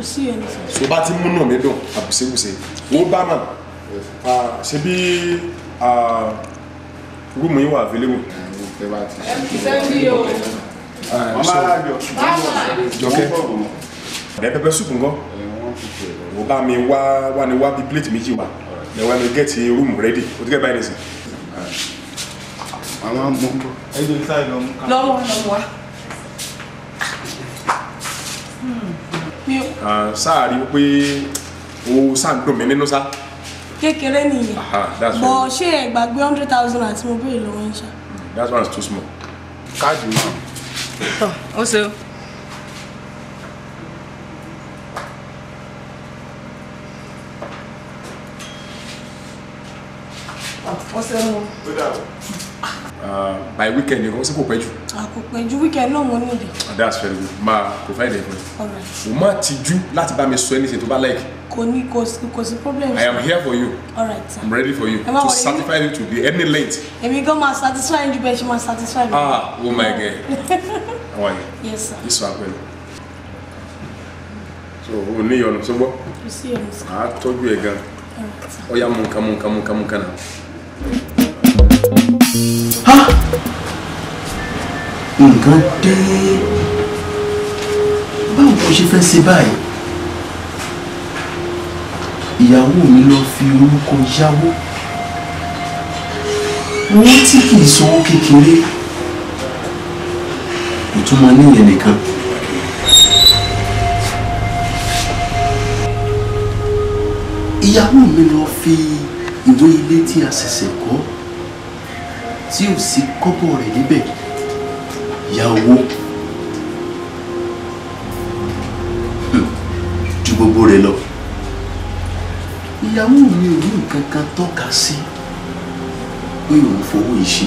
kò sí ẹni sọ. tó bá ti múnú mi dùn àbùsẹ̀wùsẹ̀ ó bá mà ṣe bí rúùmù yín wà fílẹ̀ wò. jọkẹ́ ẹ pẹpẹ wọ́n bá mi wá wá ni wá bí plate méjì wá lẹ́wọ́n mi gẹ́ẹ̀tì rúùmù rẹ́dì o ti gẹ́ẹ̀ báyìí nìsín àwọn ọmọ ẹjọ́ ìsáyẹ̀ lọ́mú lọ́wọ́ lọ́wọ́ hmm sáà ah, rí pé o sáà ń dùn mí nínú sá. kékeré nìyẹn bọ̀ ṣé ẹ gbàgbé hundred thousand àti mo béèrè lọ́wọ́ ń ṣá. that one is too small. káàdì o. tọ o ṣe o. o ṣe mo. Uh, by weekend you nìkan sí ah, kò pẹ́ jù. àkópẹ́ ju weekend náà mo níbi. Ah, that's very good máa provide ẹ̀ fún mi. mo máa tijú láti bá mi sọ anything tó bá like kò ní kò sí kò problem. i am here for you. Alright. sir. i'm ready for you. to satisfy you to be any length. èmi gan máa satisfy ẹni ju bẹ́ẹ̀ ṣe satisfy mi. ah oh my god how are you. yes sir. this one pẹ̀lú. so o ní ìyọnu sọgbọ. kò sí ìyọnu sọ. a tọ́jú ẹ̀ gan. ọ̀ya mú nǹkan mú nǹkan mú nǹkan mú nǹkan dé báwo kò ṣe fẹ́ ṣe báyìí ìyàwó mi lọ fi orúkọ yáwó owó tí kì í sanwó kékeré kò tún máa níyẹn nìkan. ìyàwó mi lọ fi ìwé ilé tí a ṣẹ̀ṣẹ̀ kọ́ tí ò sí kọ́bọ̀ rẹ̀ níbẹ̀ ya owó hmm, ju gbogbo rẹ̀ lọ. ìyàwó mi ò ní nǹkan kan tọ́ka sí pé òun fowó yìí ṣe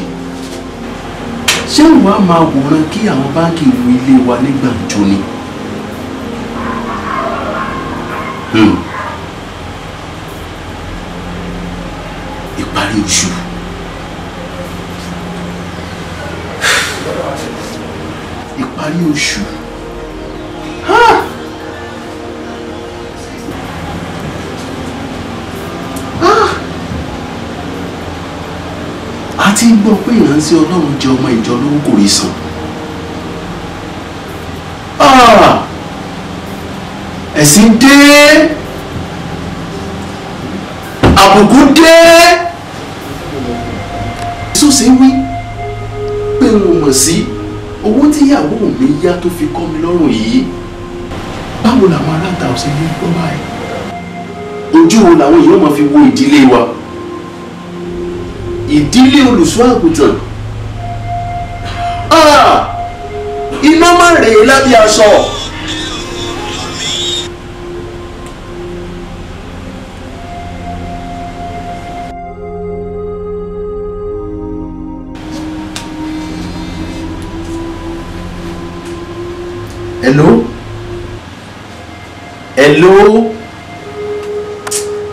ṣé òun á máa wòran kí àwọn báńkì wo ilé wa nígbà jó ni. Hmm. ìparí oṣù. parí oṣù. a ti ń gbọ́ pé ìrántí ọlọ́run jẹ ọmọ ìjọ lówó kò rí san. ẹ̀sìn dé àbùkù dé. Jésù sì wí pé n ò mọ̀ sí. Si owó tíyàwó mi yá tó fi kọ́ mi lọ́rùn yìí báwo làwọn aráàta ọ̀sẹ̀ ní gbọ́ báyìí ojú wo làwọn èèyàn máa fi wo ìdílé wa ìdílé olùṣọ́ àgùntàn ah! iná má rèé lábẹ́ aṣọ. hello hello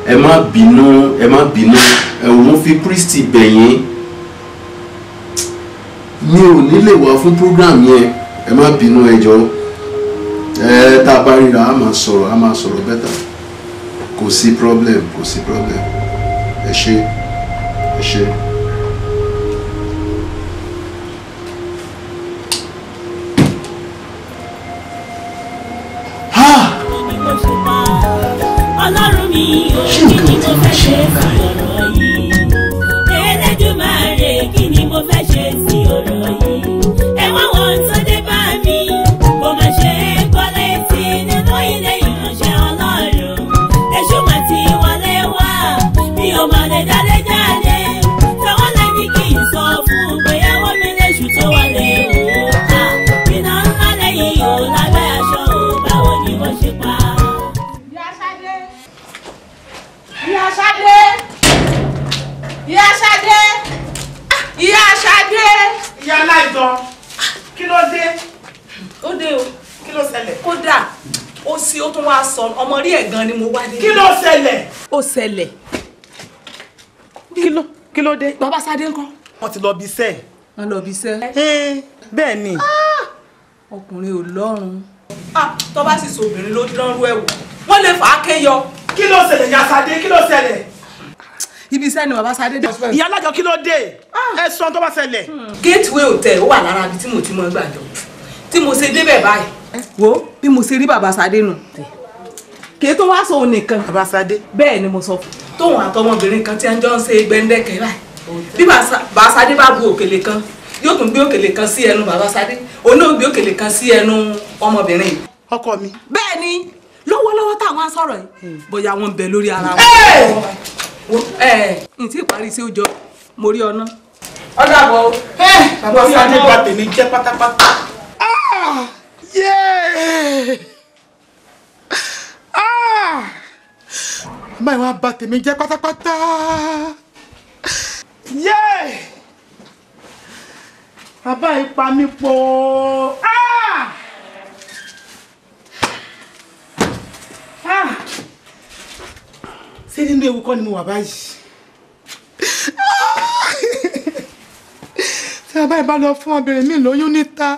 ẹ má bínú ẹ má bínú òun fi Christy bẹ̀yìn mi ò ní lè wá fún program yẹn ẹ má bínú ẹ jọ ẹ tá a bá ríra a máa sọ̀rọ̀ a máa sọ̀rọ̀ bẹ́tà kò sí problem kò sí problem ẹ ṣé ẹ ṣé. 哎。tí ó tún wá sọ ọmọ rí ẹ̀ gan ni mo wá dé. kí ló ṣẹlẹ̀. ó ṣẹlẹ̀. kí ló kí ló dé. bàbá Sadé ńkọ́. wọ́n ti lọ bí iṣẹ́. wọ́n lọ bí iṣẹ́. bẹ́ẹ̀ ni. Ah! ọkùnrin ò lọ́rùn. Ah, tó bá so obìnrin lo dánrú ẹ̀ wò wọ́n lè fà á yo? Kilo kí ló ṣẹlẹ̀ ya Sadé Kilo ló ṣẹlẹ̀. ibi iṣẹ́ ni Baba Sadé dé. ìyá alájọ kí ló dé ah! ẹ sọ to bá ṣẹlẹ̀. gateway hotel ó wà lára ibi tí mo ti mọ gbàjọ tí mo ṣe débẹ̀ báyìí wo bí mo ṣe rí bàbá Sadé nù kí tó wá sóun nìkan bàbá Sadé bẹ́ẹ̀ ni mo sọ fún tóun àtọmọbìnrin kan tí a jọ ń ṣe gbẹ́ndẹ́kẹ́ báyìí bí bàbá Sadé bá bu òkèlè kan yóò tún gbé òkèlè kan sí ẹnu bàbá o òun náà gbé òkèlè kan sí ẹnu ọmọbìnrin yìí. ọkọ mi. bẹ́ẹ̀ ni lọ́wọ́lọ́wọ́ táwọn á sọ̀rọ̀ yìí hmm. bóyá wọ́n ń bẹ lórí ara wọn. n tí ìparí sí ọjọ́ mo rí ọ náà. ọ̀dà bọ̀ bàbá Sadé bá tèmi jẹ́ pátápátá. Ah! má ìwà bà tèmi jẹ́ pátápátá. yéè bàbá yìí pa mí Ah! Ah! ṣé nínú ewu kọ́ ni mo wà báyìí. Ah! tí bàbá yìí bá lọ fún obìnrin mi lóyún níta.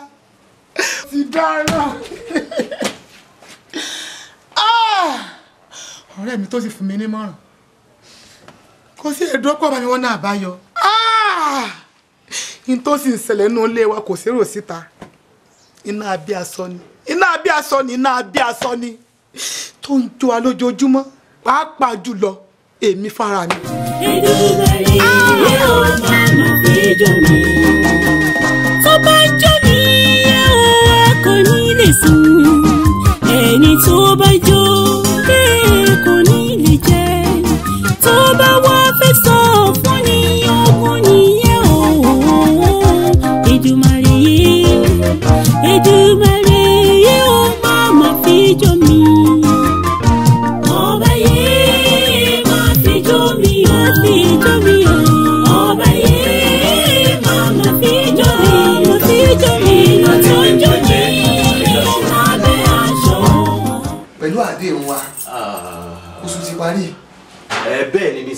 ti dára. ọ̀rẹ́ mi tó sì fún mi nímọ̀ràn kò sí ẹ̀dọ́pọ̀ bá mi wọ́n náà báyọ ah! n tó sì ń ṣẹlẹ̀ nínú ilé wa kò sérò síta iná abí asọ ni iná abí asọ ni iná abí asọ ni tó ń jó wa lójoojúmọ́ pàápàá jùlọ èmi fara mi. ẹdùnbẹ̀rẹ̀ ìwé ò máa ma fi jọ mi. tó bá jọ mi ẹ ò wá ní lè sùn ẹni tó bá jó kò ní lè jẹ́ tó bá wá.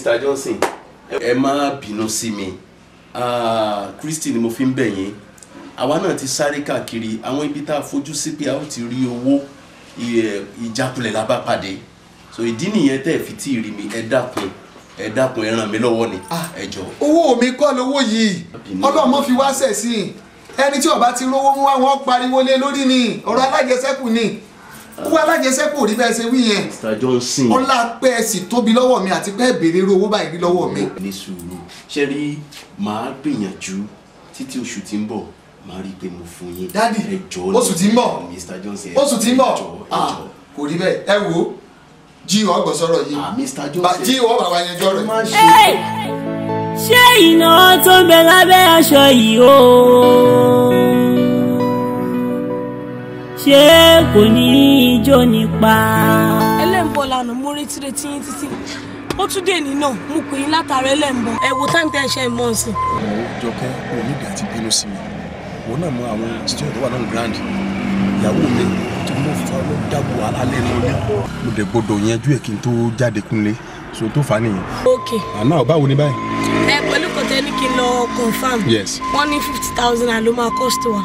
Mr. Johnson ẹ má bínú sí mi Christy ni mo fi ń bẹ̀ yín àwa náà ti sáré káàkiri àwọn ibi tá a fojú sí pé a ó ti rí owó ìjákulẹ̀ la bá pàdé so ìdí nìyẹn tẹ́ ẹ fi tí ì rí mi ẹ dákun ẹ dákun ẹ ràn mí lọ́wọ́ ni ah, ẹ jọ. owó mi kọ́ lówó yìí ọlọ́mọ fi wá sẹ̀ sí i ẹni tí ó bá ti rówó mú wá wọn pariwo lé lórí ni ọ̀rọ̀ alájẹsẹ́kù ni owó alájẹsẹ́kù rí bẹ́ẹ̀ ṣe wí yẹn. Mr Johnson. ọlá pẹ́ sì tóbi lọ́wọ́ mi àti pẹ́ béèrè irú owó báyìí lọ́wọ́ mi. ní sùúrù ṣe rí màá gbìyànjú títí oṣù tí ń bọ̀ màá rí i pé mo fún yín. dádì oṣù tí ń bọ̀ oṣù tí ń bọ̀ ah, kò rí bẹ́ẹ̀ ẹ wo jí ọ gbọ́ sọ̀rọ̀ yìí jí ọ bàbá yẹn jọ̀rọ̀ yìí. ṣé ìnáwó tó ń bẹ lábẹ́ aṣọ yìí ooo ṣé kò ní í nípa. ẹlẹ́nbọ̀ lànà mo retí retí yín títí ó tún dé ní mo pè yín látara ẹlẹ́nbọ̀ ẹ wo táǹtẹ̀ ẹ̀ ṣe é mọ́ ọ̀sìn. mo àti bínú sí mi òun náà mọ àwọn stone tó náà grand ìyàwó mi tí mo fọ ló dàbò alẹ́ ní ilé. mo dẹ̀ gbọ́dọ̀ yanjú ẹ̀ kí n tó jáde kúnlé so tó fà nìyẹn. ok àná ọ̀ báwo ni báyìí. ẹ pẹ̀lú kọ̀tẹ́ ní kí n lọ confam. yes. wọ́n ní fifty thousand ló máa cost wa.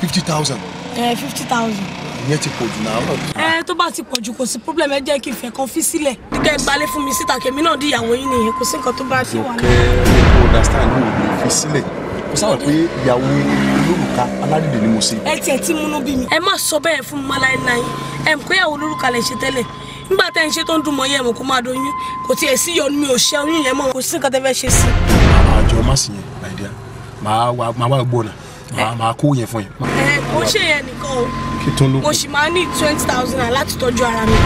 fifty thousand. Eh, fifty thousand. ìyẹn ti pọ̀ jù náà. ẹ eh, tó bá ti pọ̀ jù kò sí problem ẹ jẹ́ kí ìfẹ́ kan fi sílẹ̀ kíkẹ́ gbalẹ̀ fún mi síta kèmí náà di ìyàwó yín nìyẹn kò sí nǹkan tó bá ṣe wà náà. ìjọkẹ́ kò understand mi ò lè fi sílẹ̀ kò sábà pé ìyàwó olórùka aládìde ni mo ṣe. ẹ tiẹ̀ tí múnú bí mi. ẹ má sọ bẹ́ẹ̀ fún mi láì náà yín ẹ mọ̀ pé ìyàwó olórùka lè ṣe tẹ́lẹ̀ nígbà tẹ́ ń ṣe tó ń dùn mọ́ yẹn mọ̀ kó máa doyún kò tiẹ̀ sí yọnu mi ò ṣe oyún yẹn mọ́ kò sí nǹkan tẹ́ fẹ́ ṣe sí. àjọ ah, má máa wá gbọ́ náà màá eh. màá kó yẹn fún yẹn. ẹ eh, eh, mo ṣe yẹn nìkan o mo sì máa ní twenty thousand naira láti tọ́jú ara mi.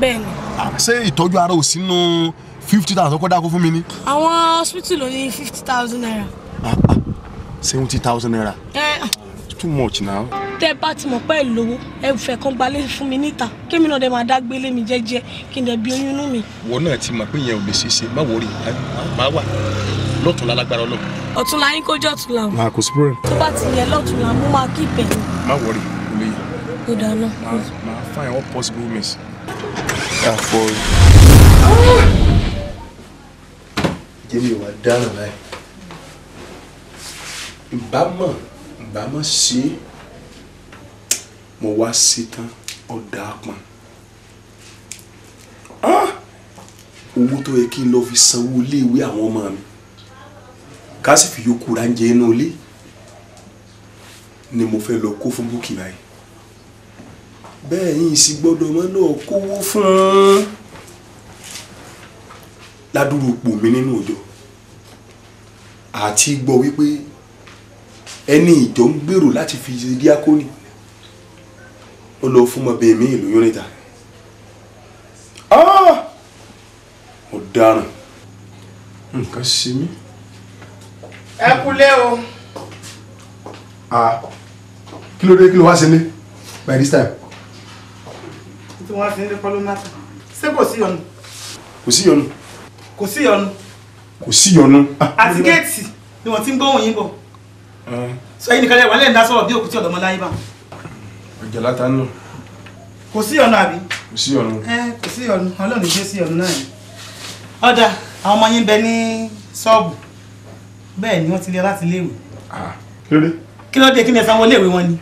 bẹ́ẹ̀ ni. Ah, ṣé ìtọ́jú ara ò sínú fifty thousand kọ́ dáko fún mi ni. àwọn hospital ló ní fifty thousand naira. Ah, ah, seventy thousand naira. too much now. tẹ bá ti mọ̀ pé lówó ẹ fẹ́ kàn gbalẹ̀ fún mi níta kémi náà dẹ̀ máa dá gbélé mi jẹ́jẹ́ kí n dẹ̀ bí oyún inú mi. wọ́n náà ti mọ̀ pé yẹn ò lè ṣeé ṣe má wọrí má wà lọ́tùnla lágbára Ọlọ́run. ọ̀túnla yín kó jẹ́ ọ̀túnla o. màá kò sí púrẹ́. tó bá ti yẹ lọ́tùnla mo máa kí má wọrí kò kò dáná. máa find all possible means. àfọ. jẹ́mi wà dáhùn láì. ìbámọ̀ ìbámọ̀ sí mo wá sí tán ọ̀dà pọ̀n ah! owó tó yẹ kí n lọ fi sanwó iléèwé àwọn ọmọ mi ká sì fi yòókù ránjẹ inú ilé ni mo fẹ́ lọ kó fún Búkì báyìí bẹ́ẹ̀ yìí sì gbọ́dọ̀ mọ́ lọ kówó fún un ládùúgbò pò mí nínú òjò àti gbọ́ wípé ẹni ìjọ ń gbèrò láti fi ṣe díákónì ó lọ fún ọmọbìnrin mi ìlú yóníta ọ̀daràn ah! nǹkan ṣe mí ẹ kúlé o. kí ló dé kí ló wá sí ní by this time. tí wọ́n fi ń rí kọ́ló náà ṣé kò sí yọnu. kò sí yọnu. kò sí yọnu. kò sí yọnu. àti géètì ni wọ́n ti ń gbóhùn yín bọ̀. sọ yìí nìkan lè wà lẹ́yìn dá sọ̀rọ̀ bí òkúti ọ̀dọ́mọláyé bá. ọjà látà nù. kò sí yọnu àbí. kò sí yọnu. ẹ kò sí yọnu ọlọ́run ìgbésí yọnu náà ni. ọ̀dà àwọn ọmọ yín bẹ ní ṣọ́ọ̀bù bẹ́ẹ̀ ni wọ́n ti rí láti léèwé. Ah, kí ló dé. kí ló dé kí ni ẹ̀sán wọn léèwé wọn ni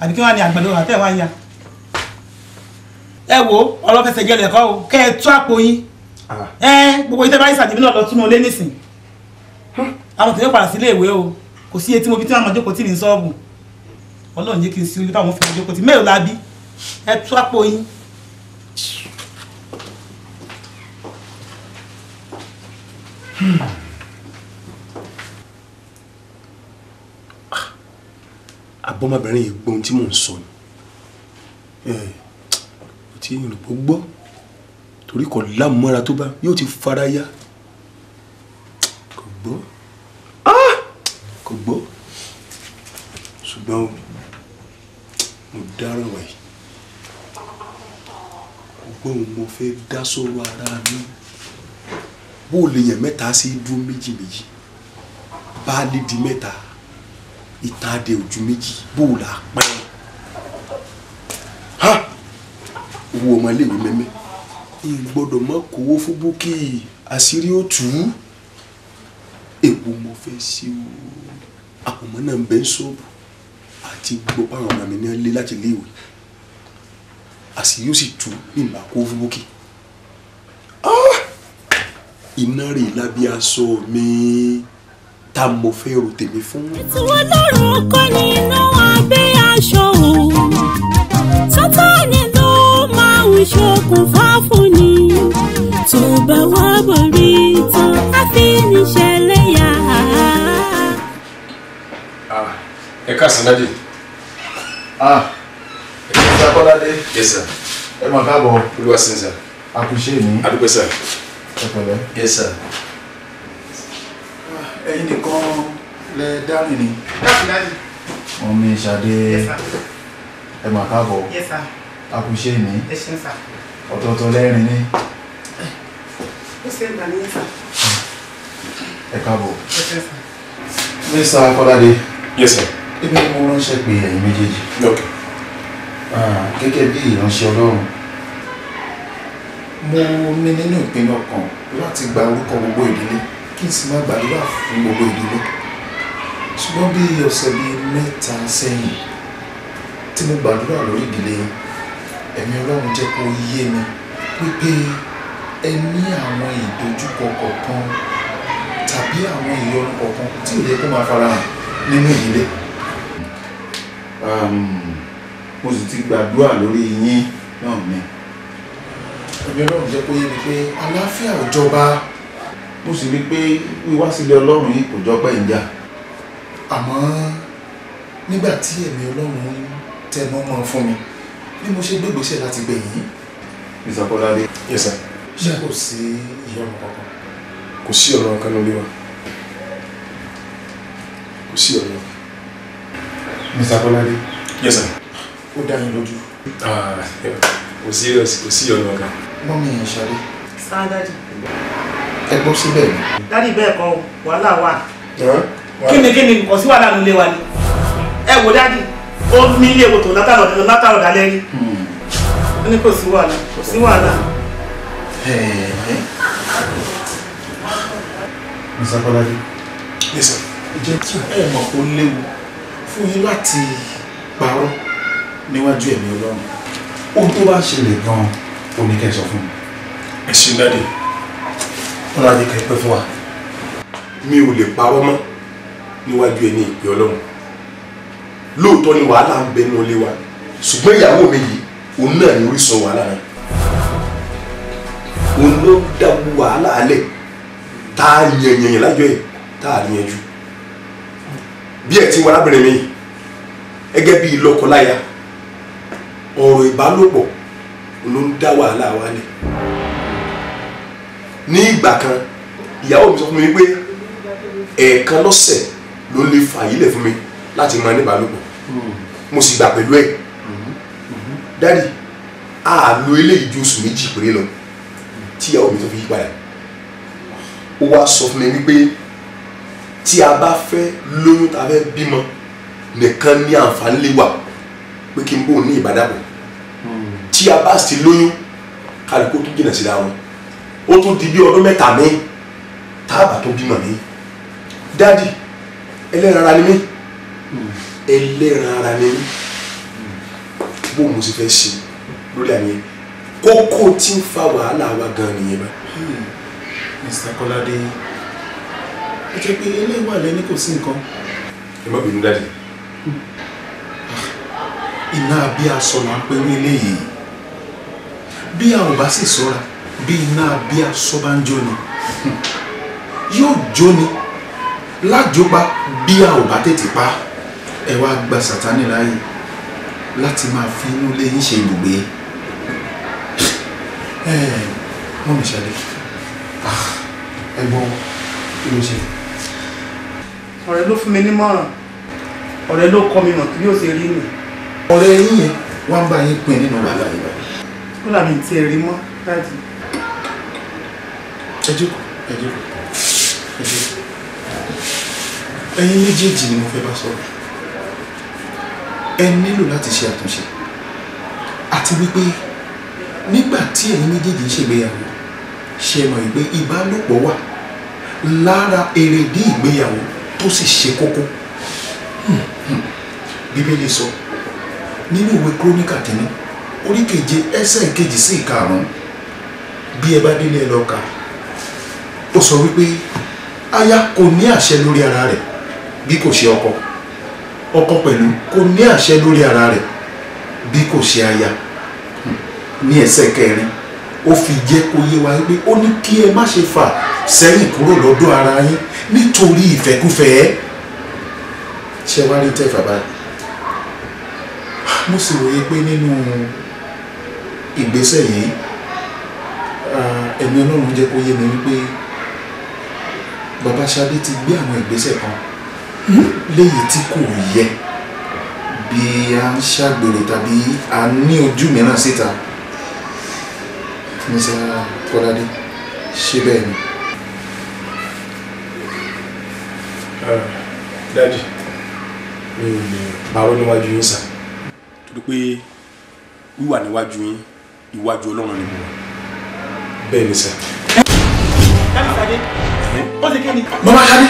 àbí kí wọ́n ní àgbàdo àtẹ̀ wá ya. ẹ wo ọlọ́fẹsẹ̀ jẹ́ lẹ̀kọ́ o kẹ́ ẹ tú àpò yín ah. ẹ gbogbo ìtẹ́ bá yín sàdébí náà lọ túnú lé nísìn àwọn tèmi padà sí léèwé o kò sí etí mo fi tí wọn máa jókòó tì ní sọ́ọ̀bù ọlọ́run jẹ́ kí n sí ibi táwọn fi jókòó tì mẹ́rin la bí ẹ tú àpò yín. Hmm. abọ́mọbìnrin yìí gbóhun tí mò ń sọ ni kò tí ì rò pé gbọ́ torí kò lámọ́ra tó bá yóò ti fara ya kò gbọ́ ah! kò gbọ́ ṣùgbọ́n mo dáràn wáyé gbóhùn mo fẹ́ dá sọ́rọ̀ ara mi bó lè yàn mẹ́ta sí dúró méjì méjì bá lè di mẹ́ta ìtàdé ojú méjì bó pẹ́ ha owó ọmọléèwé mẹ́mẹ́ ìgbọ́dọ̀ mọ́ kówó fún búkì àṣírí ó tù ú èwo mo fẹ́ sí o àwọn ọmọ náà ń bẹ́ sọ́ọ̀bù àti gbọ́ báwọn ọmọ mi náà lé láti léèwé àṣírí ó sì tù ú kówó fún búkì ah! iná rè lábí aṣọ mi ta mo fẹ́ ro tèmi fún. ètò ọlọ́run kọ́ ni iná abẹ́ aṣọ o sátánì ló máa ń ṣokùnfà fún ni tó bá wà borí tán á fi níṣẹ́ lẹ́yà. ẹ káàsán dádì. ẹ káàsán kọ́ládé. yes sir. ẹ máa káàbọ̀. olúwa sí sir. àkùṣe mi. adúgbò sir. ẹ pẹ̀lẹ́. yes sir. lẹ dání ni. wọ́n mi ṣàdé ẹ mà káàbọ̀ àkùṣe ni ọ̀tọ̀ọ̀tọ̀ lẹ́rìn ni. ẹ káàbọ̀ mr Kọ́ládé. yes sir. ebi ni mo ránṣẹ́ pé ẹ̀yin méjèèjì. gẹ́gẹ́ bí ìránṣẹ́ ọlọ́run mo ní nínú ìpinnu ọkàn láti gba orúkọ gbogbo ìdílé kí n sì máa gbàdúrà fún gbogbo ìdílé ṣùgbọ́n bí ọ̀sẹ̀ bíi mẹ́ta sẹ́yìn tí mo gbàdúrà lórí ìdílé yín ẹ̀mí ọlọ́run jẹ́ kó yé mi wípé ẹ ní àwọn ìdojúkọ kọ̀ọ̀kan tàbí àwọn ìyọnu kọ̀ọ̀kan tí ò yẹ kó máa farahàn nínú ìdílé. mo sì ti gbàdúrà lórí yín náà ni. ẹ̀mí ọlọ́run jẹ́ kó yé mi pé àlàáfíà ò jọba. mo sì rí i pé wíwá sílé ọlọ́run yìí kò jọ pé ń jà àmọ́ nígbà tí ẹ̀mí ọlọ́run tẹnu mọ́ fún mi bí mo ṣe gbégbèsè láti gbẹ̀yìn. Mr. Kọ́ládé. Yes sir. ṣé kò sí ìyọnu kankan. kò sí ọ̀rọ̀ kan lórí wa kò sí ọ̀rọ̀. Mr. Kọ́ládé. Yes sir. ó dá yín lójú. Ah, kò sí kò sí ọ̀rọ̀ kan. wọ́n mi ì ṣáré. sáà dájú. ẹ gbọ́ síbẹ̀ ni. dájú bẹ́ẹ̀ kọ́ wàhálà wà kíni kíni nǹkan sí wàhálà nílé wa ni ẹ wò dáàdì ó ní ilé ewo tó látàrọ̀ nínú látàrọ̀ dálẹ́ rí hmm. ó ní kò sí wàhálà kò sí wàhálà. mr kọ́lájú lẹ́sẹ̀ ìjẹ́ kí ẹ mọ̀ ó léwu fún yín láti parọ́ níwájú ẹ̀mí ọlọ́run ohun tó bá ṣẹlẹ̀ gan-an ò ní kẹ́ ẹ sọ fún mi. ẹ ṣe dáàdì wọn á pẹ́ fún wa mi ò lè parọ́ mọ́ níwájú ẹni ìpè ọlọ́run lóòótọ́ ni wàhálà ń bẹnu ilé wa ṣùgbọ́n ìyàwó mi yìí òun náà ni orísun wàhálà náà òun ló dá wàhálà alẹ̀ tá a yẹnyẹnyẹn lájọ ẹ̀ tá a yanjú bí ẹ ti wọ arábìnrin mi gẹ́gẹ́ bí lọ́kọláya ọ̀rọ̀ ìbálòpọ̀ ló ń dá wàhálà wa lẹ̀ ní ìgbà kan ìyàwó mi sọ fún mi pé ẹ̀ẹ̀kan lọ́sẹ̀ ló lè fà yílẹ̀ fún mi láti máa níbàálòpọ̀ mo sì gbà pẹ̀lú ẹ̀ dádì a lo eléyìí ju oṣù méjì péré lọ tíyàwó mi tó fi yí padà ó wá sọ fún mi wípé tí a bá fẹ́ lóyún tá a fẹ́ bímọ nìkan ní àǹfààní lè wà pé kí n bò ní ìbádàpọ̀ tí a bá sì lóyún kálukú tó jìnnà síra wọn ó tún di bí ọdún mẹ́ta mi tá tó bímọ ní dádì ẹlẹ́ran ara ni mí hmm. ẹlẹ́ran ara ni mí hmm. bó mo sì fẹ́ ṣe lórí àmì yẹn kókó tí ń fa wàhálà wa gan nìyẹn bá. Mr. Hmm. Kọ́ládé ẹ jẹ́ pé eléyìí wà lẹ́ni kò sí nǹkan. ẹ má bínú dáadé. Ah, iná bí aṣọ là ń pè ní eléyìí bí a bá sì ṣọ́ra bí iná bí aṣọ bá ń jóni yóò jóni lájọba bí a ò bá tètè pa ẹ wá gba sátánì láàyè láti máa fi inú lé yín ṣe ibùgbé wọ́n mi ṣẹlẹ̀ ah, ẹ̀gbọ́n kí ló ṣe. ọ̀rẹ́ ló fún mi nímọ̀ràn ọ̀rẹ́ ló kọ́ mi mọ̀ kí yóò ṣe rí mi. ọ̀rẹ́ yín yẹn wá ń bá yín pin nínú wàhálà yìí. ó làmì tí ẹ rí mọ́ láti. ẹ jókòó ẹ jókòó ẹ jókòó ẹ̀yin méjèèjì ni mo fẹ́ bá sọ̀rọ̀ ẹ nílò láti ṣe àtúnṣe àti wípé nígbà tí ẹ̀yin méjèèjì ń ṣègbéyàwó ṣe mọ̀ wípé ìbálòpọ̀ wà lára èrèdí ìgbéyàwó tó sì ṣe kókó hmm, hmm. bíbélì sọ nínú ìwé kíróníkà kìíní orí keje ẹsẹ̀ kejì sí ìkarùn-ún bí ẹ bá délé ẹ lọ kà ó sọ wípé aya kò ní àṣẹ lórí ara rẹ̀ bí kò ṣe ọkọ ọkọ pẹ̀lú kò ní àṣẹ lórí ara rẹ̀ bí kò ṣe aya ní ẹsẹ̀ kẹrin ó fi jẹ́ kó yé wa pé ó ní kí ẹ má ṣe fà sẹ́yìn kúrò lọ́dọ̀ ara yín nítorí ìfẹ́kúfẹ́ ẹ ṣe wá rí tẹ́fà báyìí mo sì wòye pé nínú ìgbésẹ̀ yìí ẹ̀mí ọlọ́run jẹ́ kó yé mi wípé bàbá Ṣadé ti gbé àwọn ìgbésẹ̀ kan léyìí tí kò yẹ bí a ń ṣàgbèrè tàbí a ní ojú mìíràn síta Mr. Kọ́ládé ṣe bẹ́ẹ̀ ni. Ah, dadi mi ò lè parọ́ níwájú yín sá torí pé wíwà níwájú yín iwájú ọlọ́run ni mo wà bẹ́ẹ̀ ni sá. dábìsàdé ó ti kí ni. mama kadi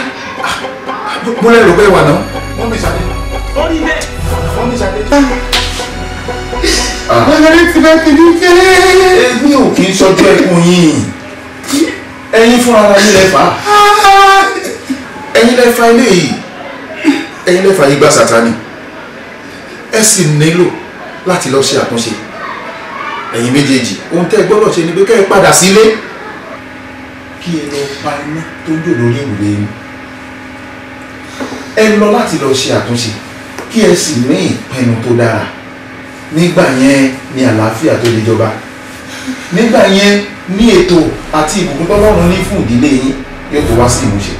múlẹ̀ ló bẹ́ẹ̀ wà náà. wọ́n mi ṣàdé. orí ilé. wọ́n mi ṣàdé. Ah. Ah. ọ̀rẹ́ ti bá tèmi fẹ́. èmi ò kì í sọjọ́ ẹkùn yìí ẹ̀yin fún ara yín lẹ́fà ẹ̀yin lẹ́fà ilé yìí ẹ̀yin lẹ́fà yìí gbà sátani ẹ sì nílò láti lọ ṣe àtúnṣe ẹ̀yin méjèèjì ohun tẹ́ ẹ gbọ́dọ̀ ṣe ni pé kẹ́ ẹ padà sílé kí ẹ lọ pa iná tó ń jò lórí ìwúre yín ẹ lọ láti lọ ṣe àtúnṣe kí ẹ sì ní ìpinnu tó dára nígbà yẹn ni àlàáfíà tó lè jọba nígbà yẹn ni ètò àti ìbùkún tọ́lọ́run ní fún ìdílé yín yóò tó wá sí ìmúṣẹ.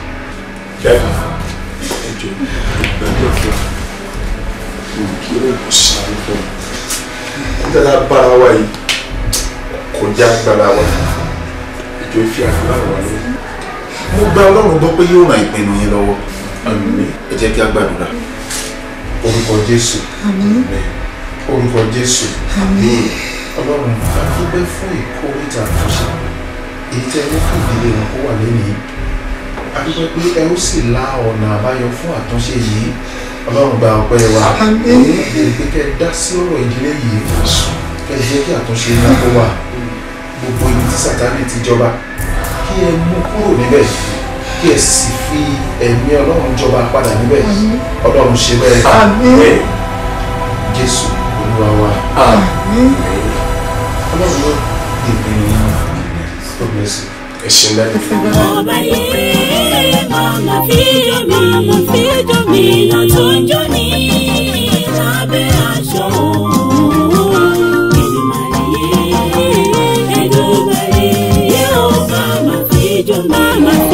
dáadáa bára wa yìí kọjá gbára wa ìjọ ìfi àfihàn wa lórí. mo gba ọlọ́run gbọ́ pé yóò ràn ìpinnu yín lọ́wọ́ àmín ẹ jẹ́ kí a gbàdúrà orúkọ jésù àmín orúkọ jésù àmín ọlọ́run àdúgbẹ́ fún ìkórìtà àtúnṣe èyí tẹ́ ẹ fún ìdílé wọn kó wà lẹ́nìí adúgbẹ́ pé ẹ ó sì la ọ̀nà àbáyọ fún àtúnṣe yìí ọlọ́run gba ọpẹ́ wa àmín èyí pé kẹ́ ẹ dá sí ọ̀rọ̀ ìdílé yìí kẹ́ ẹ jẹ́ kí àtúnṣe náà kó wà gbogbo ibi tí sátánì ti jọba kí ẹ mú kúrò níbẹ̀ yìí kí ẹ sì fi ẹ̀mí ọlọ́run jọba padà níbẹ̀ ọlọ́run ṣe bẹ́ẹ̀ àmín jésù olúwa wa ọlọ́run ló dìbò ìyá tó bẹ̀rẹ̀ sí ẹ Mama.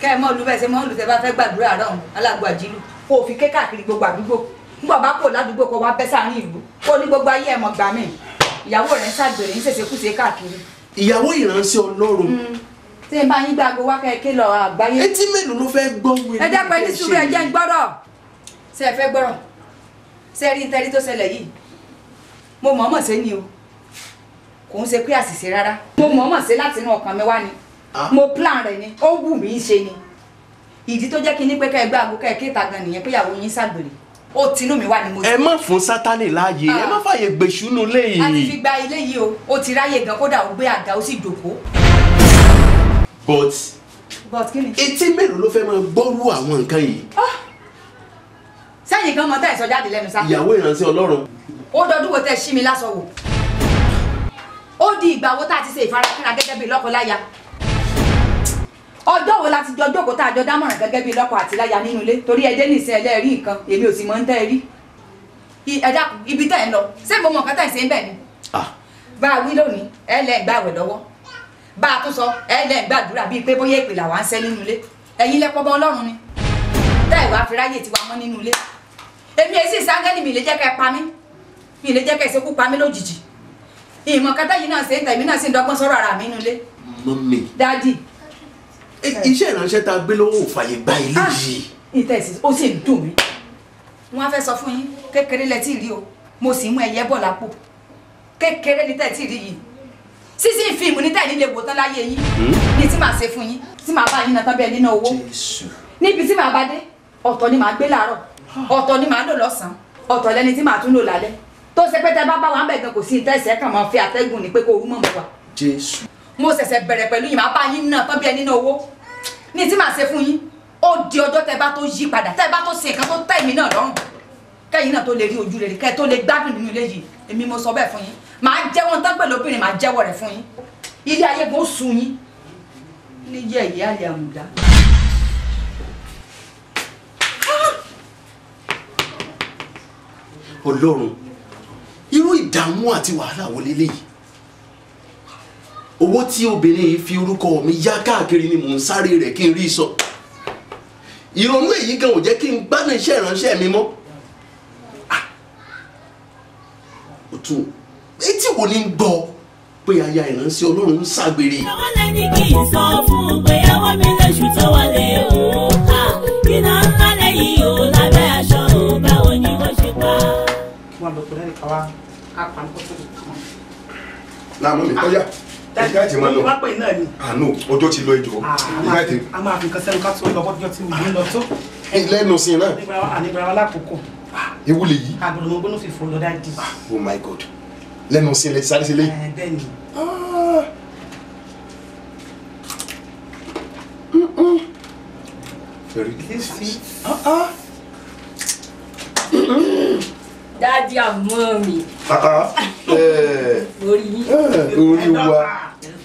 kẹ́ ẹ mọ́ lu bẹ́ẹ̀ ṣe mọ́ lu tẹ́ bá fẹ́ gbàdúrà rọ̀ alágbó àjílù kó o fi ké káàkiri gbogbo àdúgbò nígbà bá kò ládùúgbò kó wá bẹ́ sáàrin ìlú kó ní gbogbo ayé ẹ̀ mọ̀ gbà mí ìyàwó rẹ̀ ń ṣàgbèrè ń ṣèṣekúṣe káàkiri. ìyàwó ìránṣẹ́ ọlọ́run hmm. tí n bá yín gbàgbọ́ wákẹ́kẹ́ lọ àgbáyé. etí mélòó ló fẹ́ gbọ́ wẹ̀lú. ẹ dápẹ́ ní sùúrù ẹ jẹ́ ń gbọ́rọ̀ ṣe ẹ fẹ́ gbọ́rọ̀ ṣe rí ntẹ́rí tó ṣẹlẹ̀ yìí mo mọ̀ọ́mọ̀ ṣe ni o kò ń ṣe pé àṣìṣe rárá mo mọ̀ọ́mọ̀ ṣe látinú ọkàn mi wá ni Ah. mo plan rẹ̀ ni ó wù mí ṣe ni ìdí tó jẹ́ kí ní pé kẹ́ ẹ gbá aago kẹ́ ẹ kéta gan nìyẹn pé ìyàwó yín ṣàgbèrè ó tinú mi wá ni mo. ẹ má fún sátani láàyè ẹ ah. má fàyè gbèsùnú léyìí. a ti fi gba ilé yìí o ó ti ráyè gan kódà ó gbé àga ó sì dòkó. but but kí ni. etí mélòó ló fẹ́ máa gbọ́rú àwọn nǹkan yìí. Ah! sẹ́yìn gan mọ́tà ìsọjáde lẹ́nu sá. ìyàwó ìránṣẹ́ ọlọ́run. ó dọdún wo tẹ sí mi lásán wò ó di ìgbà wo tá a ti ṣe ìfarakínra gẹ́gẹ́ bíi lọ́kọ láya ọjọ́ wo la ti jọ jókòó tá a jọ dámọ̀ràn gẹ́gẹ́ bíi lọ́kọ àti láya nínú ilé torí ẹ dé nìsín ẹlẹ́rìí nǹkan èmi ò sì mọ̀ ń tẹ́ ẹ rí ẹ̀dá ibi tẹ́ ẹ lọ ṣé mo mọ̀ nǹkan tẹ́ ń bẹ̀ ni. bá a wí lónìí ẹ lẹ́ ń gbàwẹ̀ lọ́wọ́ bá a tún sọ ẹ lẹ́ ń gbàdúrà bíi pé bóyá ìpìlà wà ń ṣẹ́ nínú ilé ẹ̀yin lẹ́pọ̀ bọ́ ọlọ́run ni tẹ́ ẹ̀ wá fi ráyè tiwa mọ́ nínú ilé èmi èsì sángẹ́lì mi lè jẹ́ kẹ́ pa mí mi lè jẹ́ kẹ́ ṣekú pa mí lójijì ìmọ̀ kátà yìí náà ṣe ń tẹ̀mí náà sì ń dọ́gbọ́n sọ̀rọ̀ ara mi nínú ilé. mọ́mì. Eh, eh. iṣẹ́ ìránṣẹ́ tá a gbé lọ́wọ́ ò fàyè gba ilé ah, yìí. ìtẹ̀sí ó sì ń dùn mí. wọ́n á fẹ́ sọ fún yín kékeré lẹ tí ì rí o mo sì mú ẹyẹ bọ̀ lápò kékeré ni tẹ̀ tí ì rí yìí sísí fíìmù ní tẹ̀lé lè wò tán láyé yìí hmm? ni tí màá ṣe fún yín tí màá bá yín náà tán bẹ́ẹ̀ nínú owó níbi tí màá bá dé ọ̀tọ̀ ni màá gbé láàárọ̀ ah. ọ̀tọ̀ ni màá lò lọ́sàn-án ọ̀tọ̀ lẹni tí màá tún lò lálẹ́ tó ṣe pé tẹ bá bá wa ń bẹ̀ gan kò sí ìtẹ́sẹ̀ kàn máa fi àtẹ́gùn ní pé kó orú mọ̀ mọ́ wa. Jésù. mo ṣẹ̀ṣẹ̀ bẹ̀rẹ̀ pẹ̀lú yìí màá bá yín náà tán bí ẹni náà owó ní tí màá ṣe fún yín ó di ọjọ́ tẹ bá tó yí padà tẹ bá tó ṣe nǹkan tó tẹ̀ na náà lọ́rùn kẹ́yìn náà tó lè rí ojú rere kẹ́ tó lè gbádùn nínú ilé yìí èmi mo sọ bẹ́ẹ̀ fún yín màá jẹ́wọ́ tán pẹ̀lú obìnrin màá jẹ́wọ́ rẹ̀ fún yín ilé ayé gan sun yín ní yẹ̀yẹ́ àlè àmùdá. ọlọ́run irú ìdààmú àti wàhálà wo leléyìí owó tí obìnrin yìí fi orúkọ mi yá káàkiri ni mò ń sáré rẹ̀ kí n rí sọ ìrònú èyí gan ò jẹ́ kí n gbádùn iṣẹ́ ìránṣẹ́ mi mọ́ òtún ah! etí wo ni ń gbọ́ pé aya ìránṣẹ́ Ọlọ́run ń ṣàgbèrè. àwọn lẹ́ni kì í sọ fún pé ọwọ́ mi lẹ́sù tó wọlé òun iná ńlá lẹ́yìn o lábẹ́ aṣọ òun báwo ni wọ́n ṣe pa. wọn lọ pẹ̀lú ẹ̀ka wa a pa ń kọ́ tó mi kọjá ìgbà tí ma lọ àánú ah, ọjọ́ ti lọ ìjọ ìgbà tí. a máa fi nǹkan sẹ́nu ká tó lọ bọ́jọ́ tí mo ní lọ tó. lẹ́nu sí náà. ànígbàrá alákòókò. Ah, ewu lè yí. àgbọ̀dọ̀ mo gbóná fìfò lọ dájú. Ah, oh my god lẹ́nu sí lẹ́tí sáré sí lé. Eh, bẹ́ẹ̀ni. very good. Daddy and mommy. Ah ah. Eh. Orí. Eh, orí wa.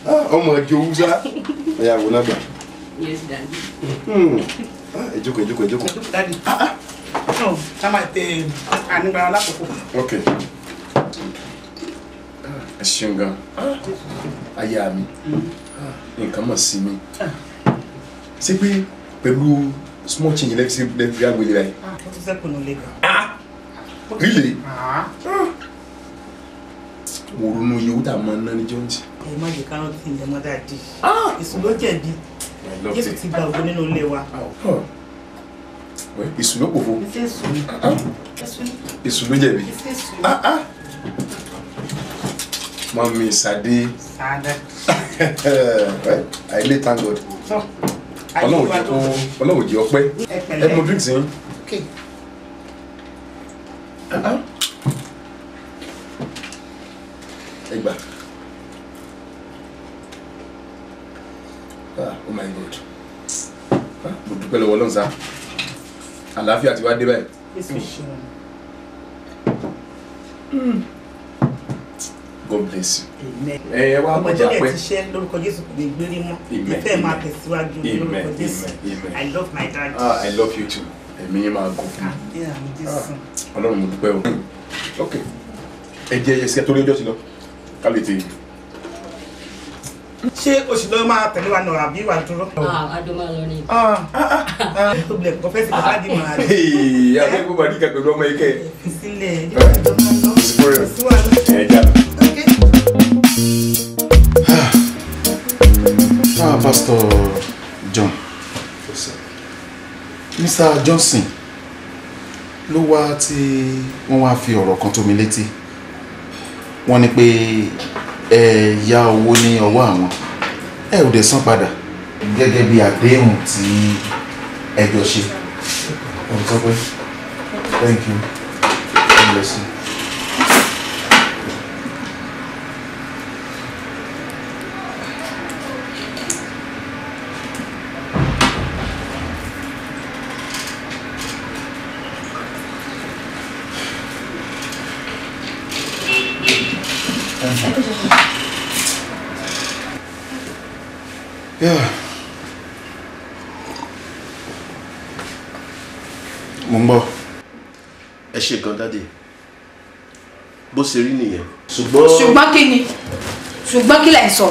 Ah, ọmọ ẹjọ wúsá ẹyà wò náà gbà. ìjókòó ìjókòó ìjókòó. sábà tẹ eh, ànígbà alákòókò. ok ah, ẹ ṣeun gan ah. aya mi hmm. nǹkan mọ̀ sí mi ṣé pé pẹ̀lú small change lẹ́fí lẹ́fí agbèlè rẹ̀. ó ti sẹ́kùn ló lè gbà. líle mo ronú iye owó tá a máa ná ní jọ́ǹtì. ẹ má jẹ kárọ̀ tí ilẹ̀ mọ́dà di ah! èso ló jẹ̀bi jésù ti gba ògo nínú ilé wa. èso ló pòfo èso ah, ah. ló jẹ̀bi mami sade sada i lay thank god ọlọ́run jẹ́ kó ọlọ́run jẹ́ ọpẹ́ ẹ mọ drink sí ẹ gbà. Ah, oh my god ah, mo dúpẹ́ lọ́wọ́ Ọlọ́run sá àlàáfíà ti wá dé báyìí. God bless you. ẹ wá mọ̀jà pẹ́. ọmọdé rẹ̀ ti ṣe lórúkọ Jésù kò ní gbérí mọ́. ìfẹ́ máa tẹ̀síwájú lórúkọ Jésù. I love my dad. ah I love you too. ẹ̀mí yín máa gùn fún mi. Ah, Ọlọ́run mo dúpẹ́ o. ok ẹ jẹ́ ẹ yẹ sí ẹ torí ọjọ́ ti lọ ká lè tẹ. ṣé oṣù lọ́wọ́ máa tẹ̀lé wa nọ àbí wà á dúró. àdó máa lọ ní. ó bilẹ̀ kọ́ fẹ́ẹ́ sì bàbá di màá rẹ̀. àbí kò bá dìgbà pẹ̀lú ọmọ ike. Ah, Pastor John. Mr. Johnson ló wá tí wọ́n wá fi ọ̀rọ̀ kan tó mi létí wọ́n ní pé ẹ yá owó ní ọwọ́ àwọn ẹ ò dẹ̀ san padà gẹ́gẹ́ bí àdéhùn tí ẹ jọ ṣe. ọ̀n pé thank you. bó ṣe rí nìyẹn ṣùgbọ́n. ṣùgbọ́n kí ni ṣùgbọ́n kí lẹ̀ ń sọ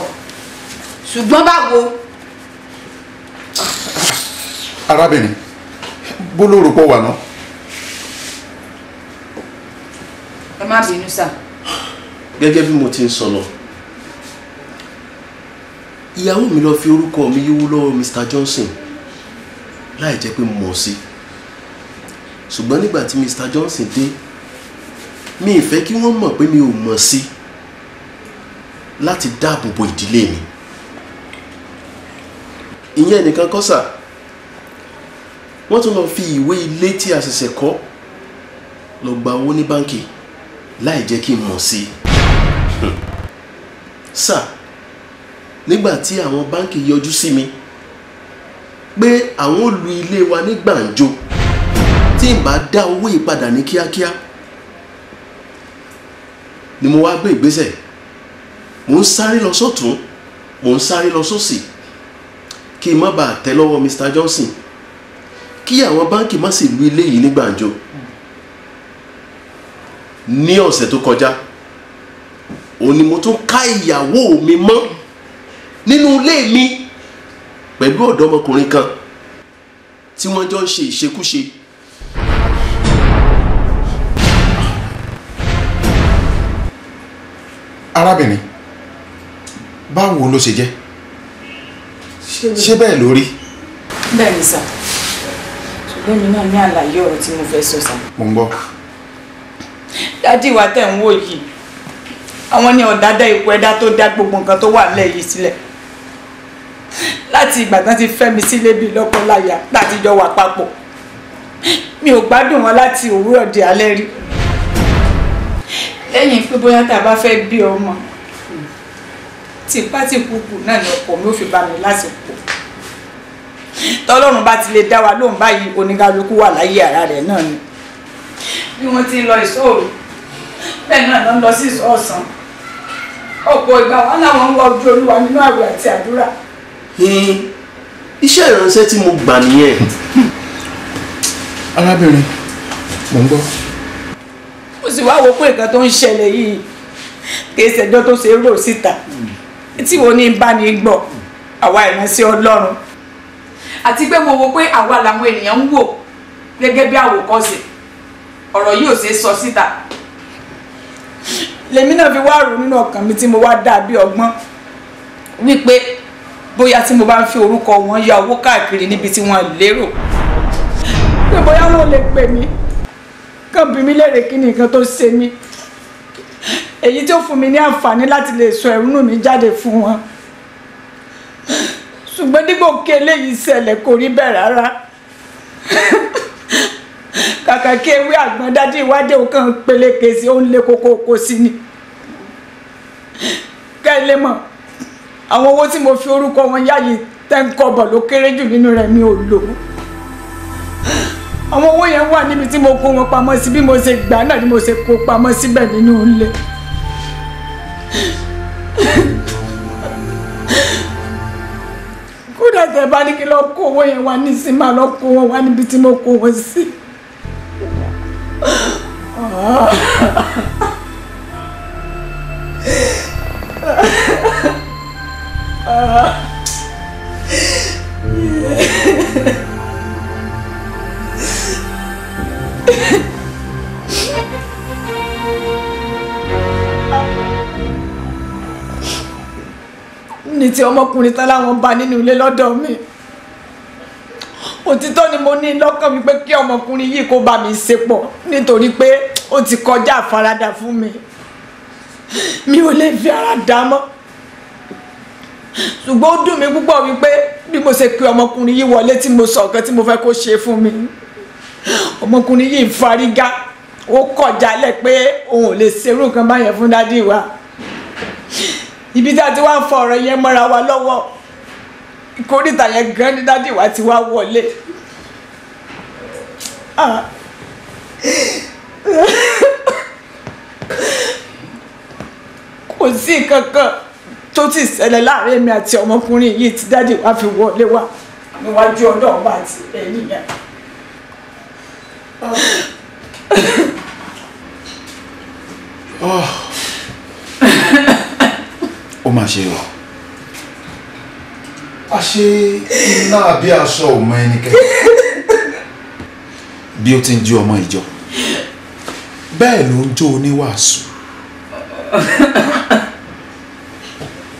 ṣùgbọ́n báwo. arábìnrin bó ló rò pọ̀ wà ná. ẹ má bínú sá. gẹ́gẹ́ bí mo ti ń sọ lọ ìyàwó mi lọ fi orúkọ mi yíwú lọ́wọ́ Mr Johnson láì jẹ́ pé mo mọ̀ sí ṣùgbọ́n nígbà tí Mr Johnson dé. De mi ì fẹ́ kí wọ́n mọ̀ pé mi ò mọ̀ sí láti dáàbò bo ìdílé mi ìyẹn nìkan kọ́ sà wọ́n tún lọ fi ìwé ilé tí a ṣẹ̀ṣẹ̀ kọ́ lọ gba owó ní báǹkì láì jẹ́ kí n mọ̀ sí i sà nígbà tí àwọn báǹkì yọjú sí mi pé àwọn ò lu ilé wa ní gbàǹjo tí n bá dá owó yìí ní kíákíá. Kíá ni mo wá gbé ìgbésẹ̀ mo ń sáré lọ sọ́tún mo ń sáré lọ sósì kí n má bàa tẹ́ lọ́wọ́ Mr Johnson kí àwọn báńkì má sì lu ilé yìí ní gbàǹjo ní ọ̀sẹ̀ tó kọjá òun ni mo tún ká ìyàwó mi mọ́ nínú ilé mi pẹ̀lú ọ̀dọ́mọkùnrin kan tí wọ́n jọ ń ṣe ìṣekúṣe. arábìnrin báwo ló ṣe jẹ́ ṣé bẹ́ẹ̀ ló rí. bẹ́ẹ̀ ni sà ṣùgbọ́n mi náà ní àlàyé ọ̀rọ̀ tí mo fẹ́ sọ sà. mo ń gbọ́. dádì wa tẹ̀ ń wò yìí àwọn ni ọ̀dádá ipò ẹ̀dá tó dá gbogbo nǹkan tó wà nílẹ̀ yìí sílẹ̀ láti ìgbà tán ti fẹ́ mi sílé bíi lọ́kọ láya láti jọ wà papọ̀ mi ò gbádùn wọn láti òwúrọ̀ di alẹ́ rí lẹ́yìn pé bóyá tá a bá fẹ́ bí ọmọ tipátìkúkù náà ni ọkọ mi ò fi bá mi lásìkò tọ́lọ́run bá ti lè dá wa lóhùn báyìí oníkálukú wà láyé ara rẹ̀ náà ni bí wọ́n ti lọ ìṣòro bẹ́ẹ̀ náà ló ń lọ sí ọ̀sán ọ̀pọ̀ ìgbà wọn làwọn ń wá ojú olúwa nínú àwẹ̀ àti àdúrà. iṣẹ́ ìránṣẹ́ tí mo gbà nìyẹn. arábìnrin mò ń gbọ́ mo sì wá wo pé nǹkan tó ń ṣẹlẹ̀ yìí kì í ṣẹjọ́ tó ṣe rò síta tí wo ní bá ní gbọ́ àwa ìránṣẹ́ Ọlọ́run àti pé mo wo pé àwa làwọn ènìyàn ń wò gẹ́gẹ́ bí àwòkọ́ṣe ọ̀rọ̀ yìí ò ṣeé sọ síta lèmi náà fi wá rò nínú ọkàn mi tí mo wá dà bí ọgbọ́n wípé bóyá tí mo bá ń fi orúkọ wọn ya owó káàkiri níbi tí wọ́n lérò pé bóyá wọn lè pè mí kàn bí mi léèrè kí ni nǹkan tó ṣe mí èyí tó fún mi ní àǹfààní láti lè sọ ẹ̀rúnú mi jáde fún wọn ṣùgbọ́n dípò kí eléyìí ṣẹlẹ̀ kò rí bẹ́ẹ̀ rárá kàkà kí ewé àgbọn dájú ìwádìí òkan peléke sí ó ń lé kókó kó sí ni ká ilé mọ̀ àwọn owó tí mo fi orúkọ wọn yá yìí ló kéré jù nínú rẹ̀ mi ò lò àwọn owó yẹn wà níbi tí mo kó wọn pamọ́ sí bí mo ṣe gbà náà ni mo ṣe kó pamọ́ síbẹ̀ nínú ilé. kódà tẹ bá ní kí lọ kó owó yẹn wá ní sí máa lọ kó wọn wá níbi tí mo kó wọn sí. Ah. ah. ah. ní ti ọmọkùnrin tá láwọn bá nínú ilé lọ́dọ̀ mi òtítọ́ ni mo ní lọ́kàn mi pé kí ọmọkùnrin yìí kó bá mi ṣepọ̀ nítorí pé ó ti kọjá àfaradà fún mi mi ò lè fi ara dá mọ́ ṣùgbọ́n ó dùn mí púpọ̀ wípé bí mo ṣe pe ọmọkùnrin yìí wọlé tí mo sọ nǹkan tí mo fẹ́ kó ṣe fún mi ọmọkùnrin yìí ń farigá ó kọ̀ jálẹ̀ pé òun ò lè ṣerú nǹkan báyẹn fún wa ibi tá a ti wá ń fọ ọ̀rọ̀ yẹn mọ́ra wa lọ́wọ́ ìkórìtà yẹn gan ní dádì wa ti wá wọlé. Ah. kò sí kankan tó ti ṣẹlẹ̀ láàrin èmi àti ọmọkùnrin yìí tí dádì wa fi wọlé wa níwájú ọ̀dọ̀ ọba àti ẹ̀yìn yẹn. Oh. ó mà ṣe o a ṣe iná àbí aṣọ ọmọ ẹnikẹ́ni bí ó ti ń jí ọmọ ìjọ bẹ́ẹ̀ ló ń jó oníwàásù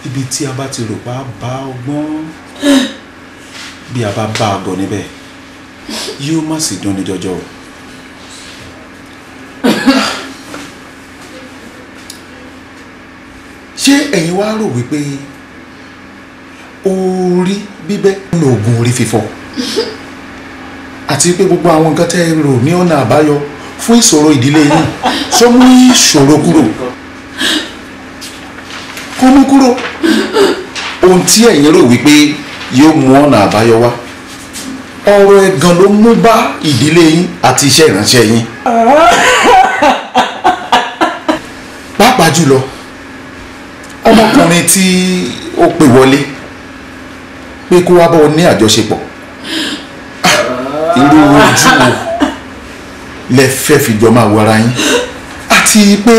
ibi tí a bá ti rò pa bá ọgbọ́n bí a bá bá a bọ̀ níbẹ̀ yóò má sì dún ní jọjọ́ o. ṣé ẹ̀yin wá rò wípé orí bíbẹ́ ní oògùn orí fífọ́ àti pé gbogbo àwọn nǹkan tẹ́ ẹ rò ní ọ̀nà àbáyọ fún ìṣòro ìdílé yín sọ mú ìṣòro kúrò kó mú kúrò ohun tí ẹ̀yin rò wípé yóò mú ọ̀nà àbáyọ wá ọ̀rọ̀ ẹ̀gàn ló mú bá ìdílé yín àti iṣẹ́ ìránṣẹ́ yín pàápàá jùlọ ọmọkùnrin tí ó pè wọlé pé kó wá bọ́ ní àjọṣepọ̀ irú ojú wo lẹ fẹ́ fi jọ máa wara yín àti pé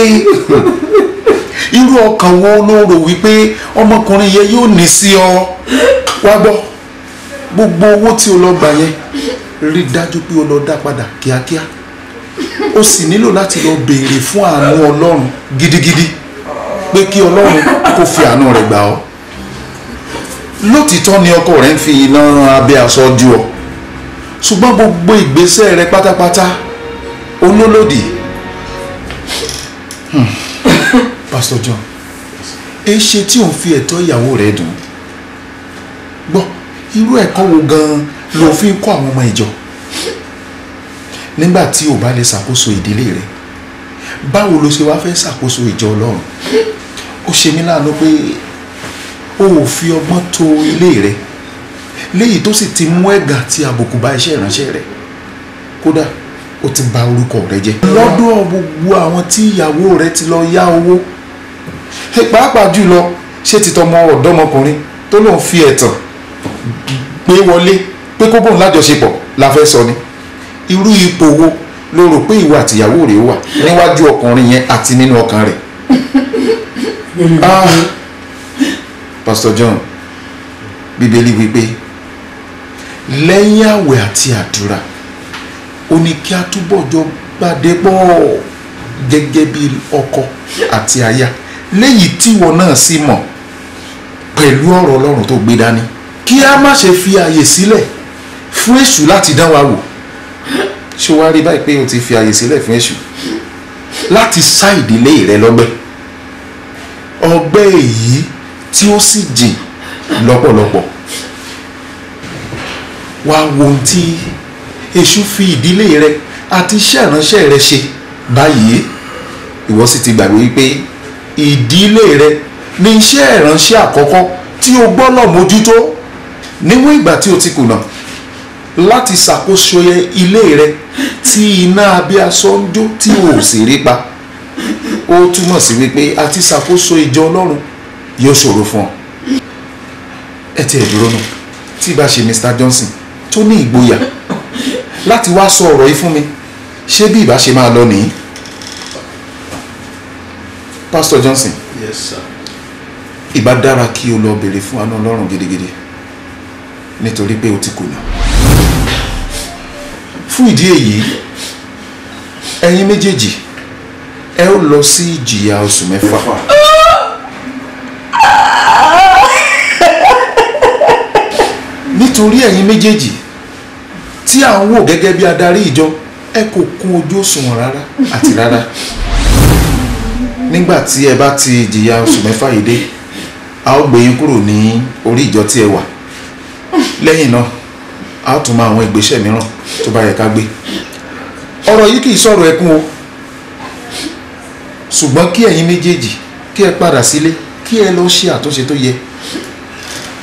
irú ọkàn wo ló rò wípé ọmọkùnrin yẹn yóò ní sí ọ wá gbọ́ gbogbo owó tí o lọ gbà yẹn rí dájú pé o lọ dá padà kíákíá o sì nílò láti lọ béèrè fún àánú ọlọ́run gidigidi pé kí ọlọ́run kó fi àánú rẹ̀ gbà ọ́ lótìtọ́ ni ọkọ rẹ̀ ń fi iná abẹ́ aṣọ ju ọ ṣùgbọ́n gbogbo ìgbésẹ̀ rẹ̀ pátápátá olólòdì hmm. Pastor John ẹ ṣe tí òun fi ẹ̀tọ́ ìyàwó rẹ̀ dùn gbọ́ irú ẹ̀kọ́ wo gan-an ló fi ń kọ́ àwọn ọmọ ìjọ nígbà tí ò bá lè ṣàkóso ìdílé rẹ̀ báwo ló ṣe wá fẹ́ ṣàkóso ìjọ ọlọ́run ó ṣe mí láàánú pé o ò fi ọgbọ́n tó ilé rẹ léyìí tó sì ti mú ẹ̀gà tí àbùkù bá iṣẹ́ ìránṣẹ́ rẹ kódà ó ti bà orúkọ rẹ jẹ́. lọ́dọ̀ gbogbo àwọn tí ìyàwó rẹ ti lọ yá owó pàápàá jùlọ ṣé ti tọmọ ọ̀dọ́mọkùnrin tó lóun fi ẹ̀tàn gbé wọlé pé kó bóun lájọṣepọ̀ la fẹ́ sọ ni irú ipò wo ló rò pé ìwà àtìyàwó rẹ̀ wà níwájú ọkùnrin yẹn àti nínú ọkàn rẹ̀ ah. Pastor John bíbélì wípé lẹ́yìn àwẹ̀ àti àdúrà ó ní kí a túbọ̀ jọ gbàdé pọ̀ gẹ́gẹ́ bí ọkọ àti aya léyìí tíwọ náà sì mọ̀ pẹ̀lú ọ̀rọ̀ ọlọ́run tó gbé dání kí a má ṣe fi àyè sílẹ̀ fún èṣù láti dán wa wò ṣé wàá rí báyìí pé o ti fi àyè sílẹ̀ fún èṣù láti sá ìdílé rẹ lọ́gbẹ́ ọgbẹ́ èyí tí ó sì jìn lọ́pọ̀lọpọ̀ wá wo ohun tí èṣù fi ìdílé rẹ àti iṣẹ́ ìránṣẹ́ rẹ ṣe báyìí ìwọ sì ti gbàgbé wípé ìdílé rẹ ni iṣẹ́ ìránṣẹ́ àkọ́kọ́ tí o gbọ́dọ̀ mójútó níwọ̀n ìgbà tí o ti kùnà láti ṣàkóso ilé rẹ tí iná abẹ́ aṣọ ń jó tí o ò sì rí pa ó túmọ̀ sí wípé àti ṣàkóso ìjọ ọlọ́run yóò ṣòro fún ọ ẹ tiẹ̀ dúró nù tí ìbá ṣe Mr Johnson tó ní ìgboyà láti wá sọ ọ̀rọ̀ yìí fún mi ṣé bí ìbá ṣe máa lọ nìyí Pastor Johnson yes sir ìbá dára kí o lọ béèrè fún àánú ọlọ́run gidigidi nítorí pé o ti kùnà fún ìdí èyí ẹ̀yin méjèèjì ẹ ó lọ sí ìjìyà oṣù mẹ́fà. nítorí ẹ̀yin méjèèjì tí à ń wò gẹ́gẹ́ bí adarí ìjọ ẹ kò kún ojú òṣùwọ̀n rárá àti rárá nígbà tí ẹ bá ti jìyà oṣù mẹ́fà yìí dé a ó gbé yín kúrò ní orí ìjọ tí ẹ wà lẹ́yìn náà a tún mọ àwọn ìgbésẹ̀ mìíràn tó bá yẹ ká gbé ọ̀rọ̀ yìí kì í sọ̀rọ̀ ẹkún o ṣùgbọ́n kí ẹ̀yin méjèèjì kí ẹ padà sílé kí ẹ lọ ṣe àtúnṣe tó yẹ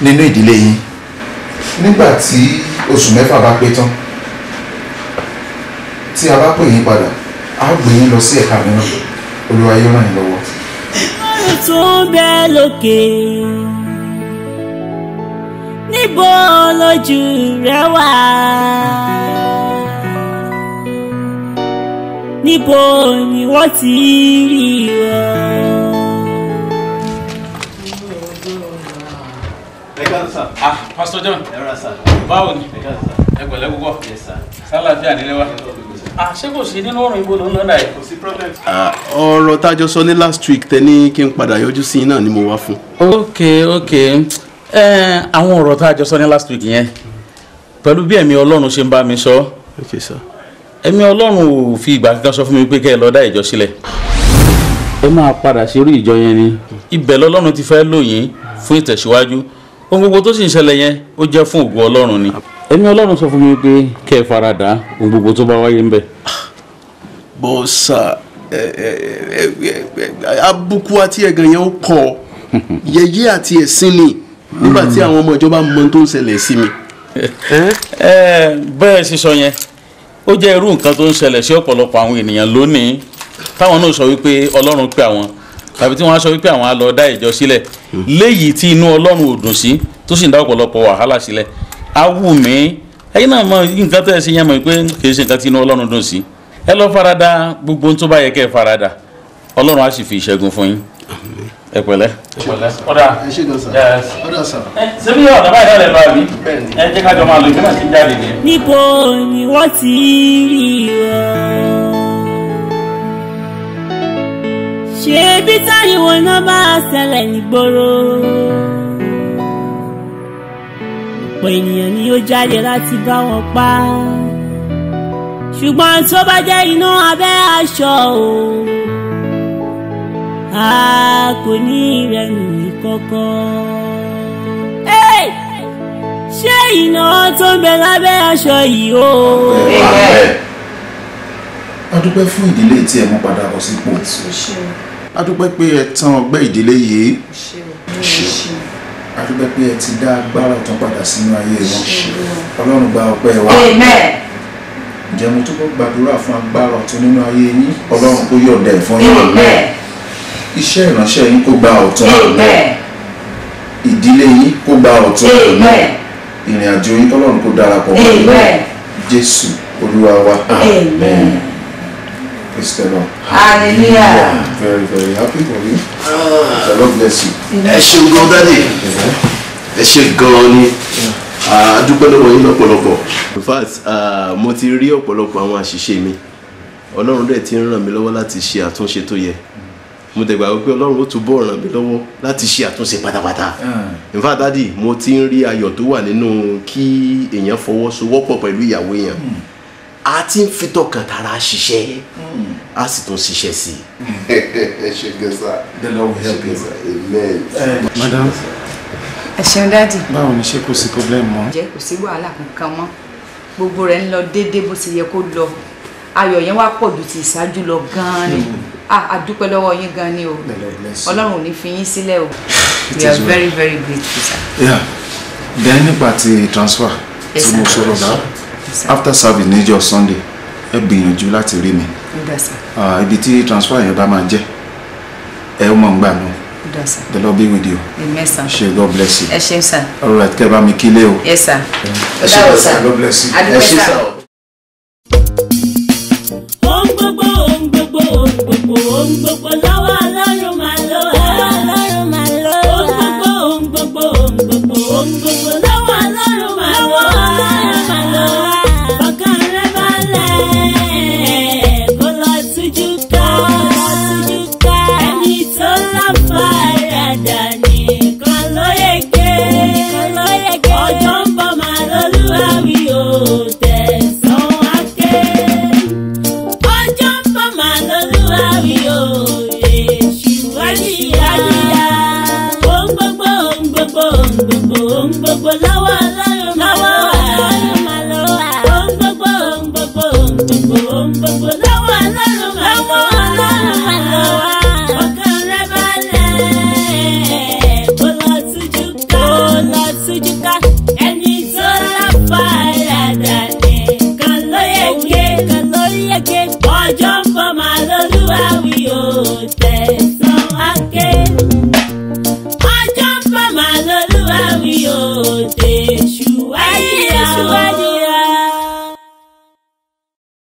nínú ìdílé yín nígbà tí oṣù mẹ́fà bá pé tán tí a bá pè yín padà a gbé yín lọ sí ẹ̀ka mìíràn olúwa yóò ràn yín lọ́wọ́. tó bẹ́ẹ̀ lókè níbo lójú rẹ wà níbo ni wọ́n ti rí ọ. ah pastor john báwo ni ẹ pẹ̀lẹ́ púpọ̀ sálàfíà nílé wa ah, ṣé kò sí nínú ọ̀rọ̀ ìbò ló ń lọ́dà yìí. kò sí problem. Ah, ọ̀rọ̀ tájọ sọ ní last week tẹ ní kí n padà yọjú sí iná ni mo wá fún. ok ok àwọn ọ̀rọ̀ tá a jọ sọ ní last week yẹn pẹ̀lú bí ẹ̀mí ọlọ́run ṣe ń bá mi sọ ẹ̀mí ọlọ́run ò fi ìgbà kankan sọ fún mi pé kẹ́ ẹ lọ dá ìjọ sílẹ̀. ẹ máa padà sírú ìjọ yẹn ni. ibẹ̀ lọ́lọ́run ti fẹ́ lò yín fún ìtẹ̀síwájú ohun gbogbo tó sì ń ṣẹlẹ̀ yẹn ó jẹ́ fún ògo ọlọ́run ni. ẹ̀mí ọlọ́run sọ fún mi pé kẹ́ ẹ faradà ohun gbogbo tó bá wáyé ń bẹ̀. bọ́sà àbùkù àti ẹ̀gàn yẹn ó kọ yẹyẹ àti ẹ̀sìn ni. nígbà tí àwọn ọmọ ìjọba mọ tó ń ṣẹlẹ̀ sí mi. bẹ́ẹ̀ sísọ yẹn ó jẹ́ irú nǹkan tó ń ṣẹlẹ̀ sí ọ̀pọ̀lọpọ̀ àwọn ènìyàn lónìí táwọn náà sọ wípé ọlọ́run pè àwọn tàbí tí wọ́n á sọ wípé àwọn á lọ dá ìjọ sílẹ̀ léyìí tí inú ọlọ́run ò dùn sí tó sì ń dá ọ̀pọ̀lọpọ̀ wàhálà sílẹ̀ á wù mí náà mọ nǹkan ẹ tó bá yẹ ẹ pẹ̀lẹ́. ọ̀dà ọ̀dà sàn. sẹ́mi ọ̀dà báyìí náà lè lọ àbí ẹ jẹ́ ká jọ máa lò ìgbésẹ̀ sí jáde ni. níbo ni wọ́n ti rí ọ. ṣé bí táyìwò náà bá ṣẹlẹ̀ nígboro. ọ̀pọ̀ ènìyàn ni ó jáde láti bá wọn pa ṣùgbọ́n tó bá jẹ́ iná abẹ́ aṣọ o a kò ní ìrẹ̀lù ìkọ̀kọ̀. ṣé iná tó ń bẹ lábẹ́ aṣọ yìí o. a dúpẹ́ fún ìdílé tí ẹ mú padà bọ̀ sípò. a dúpẹ́ pé ẹ tán ọgbẹ́ ìdílé yìí. a dúpẹ́ pé ẹ ti dá agbára ọ̀tún padà sínú ayé wọn. ọlọ́run gba ọpẹ́ wa. Amen ǹjẹ́ mo túbọ̀ gbàdúrà fún agbára ọ̀tún nínú ayé yín ọlọ́run kó yọ̀ọ̀dẹ̀ fún yín iṣẹ́ ìránṣẹ́ yín kó gba ọ̀tun náà ìdílé yín kó gba ọ̀tun náà ìrìn àjò yín kọ́lọ́run kó darapọ̀ mọ́ náà jésù olúwa wa amen praise lord hallelujah very very happy for you ah. the lord bless you. ẹ ṣe gan dádì ẹ ṣe gan ni ah, a dúpẹ́ lọ́wọ́ yín lọ́pọ̀lọpọ̀. in fact ah, mo ti rí ọ̀pọ̀lọpọ̀ àwọn àṣìṣe mi ọlọ́run dẹ̀ ti ń ràn mí lọ́wọ́ láti ṣe àtúnṣe tó yẹ mo dẹ̀ gbà wípé ọlọ́run ó túbọ̀ ràn mí lọ́wọ́ láti ṣe àtúnṣe pátápátá ah. in fact dádì mo ti ń rí ayọ̀ tó wà nínú kí èèyàn fọwọ́sowọ́pọ̀ pẹ̀lú ìyàwó èèyàn hmm. a ti ń fi tọkàn tara ṣiṣẹ́ hmm. a sì tún ṣiṣẹ́ sí i. Hmm. ẹ ṣe gẹ̀ẹ́sà the Lord will help you. amen. Eh, madam ẹ ṣeun dádì. báwo ni ṣé kò sí problem mọ́. ǹjẹ́ kò sí wàhálà kankan mọ́ gbogbo rẹ̀ ń lọ déédéé bó ṣe yẹ kó lọ ayọ̀ yẹn wá pọ̀ ju ti ìṣáájú lọ gan-an ni àdúpẹ́ lọ́wọ́ yín gan ni o ọlọ́run ò fi yín sílẹ̀ o we are very very grateful sir. yeah then nípa ti transfer tí mo sọ̀rọ̀ dá after service níjọ́ sunday ẹ gbìyànjú láti rí mi ibi tí transfer yẹn bá máa jẹ́ ẹ ó mọ̀ ń gbà náà the lord be with you ṣe god bless you Yes, sir all right keep on bá mi Yes, sir. yes sir ọ̀dà ọ̀sà àdúpẹ́ sir. Don't look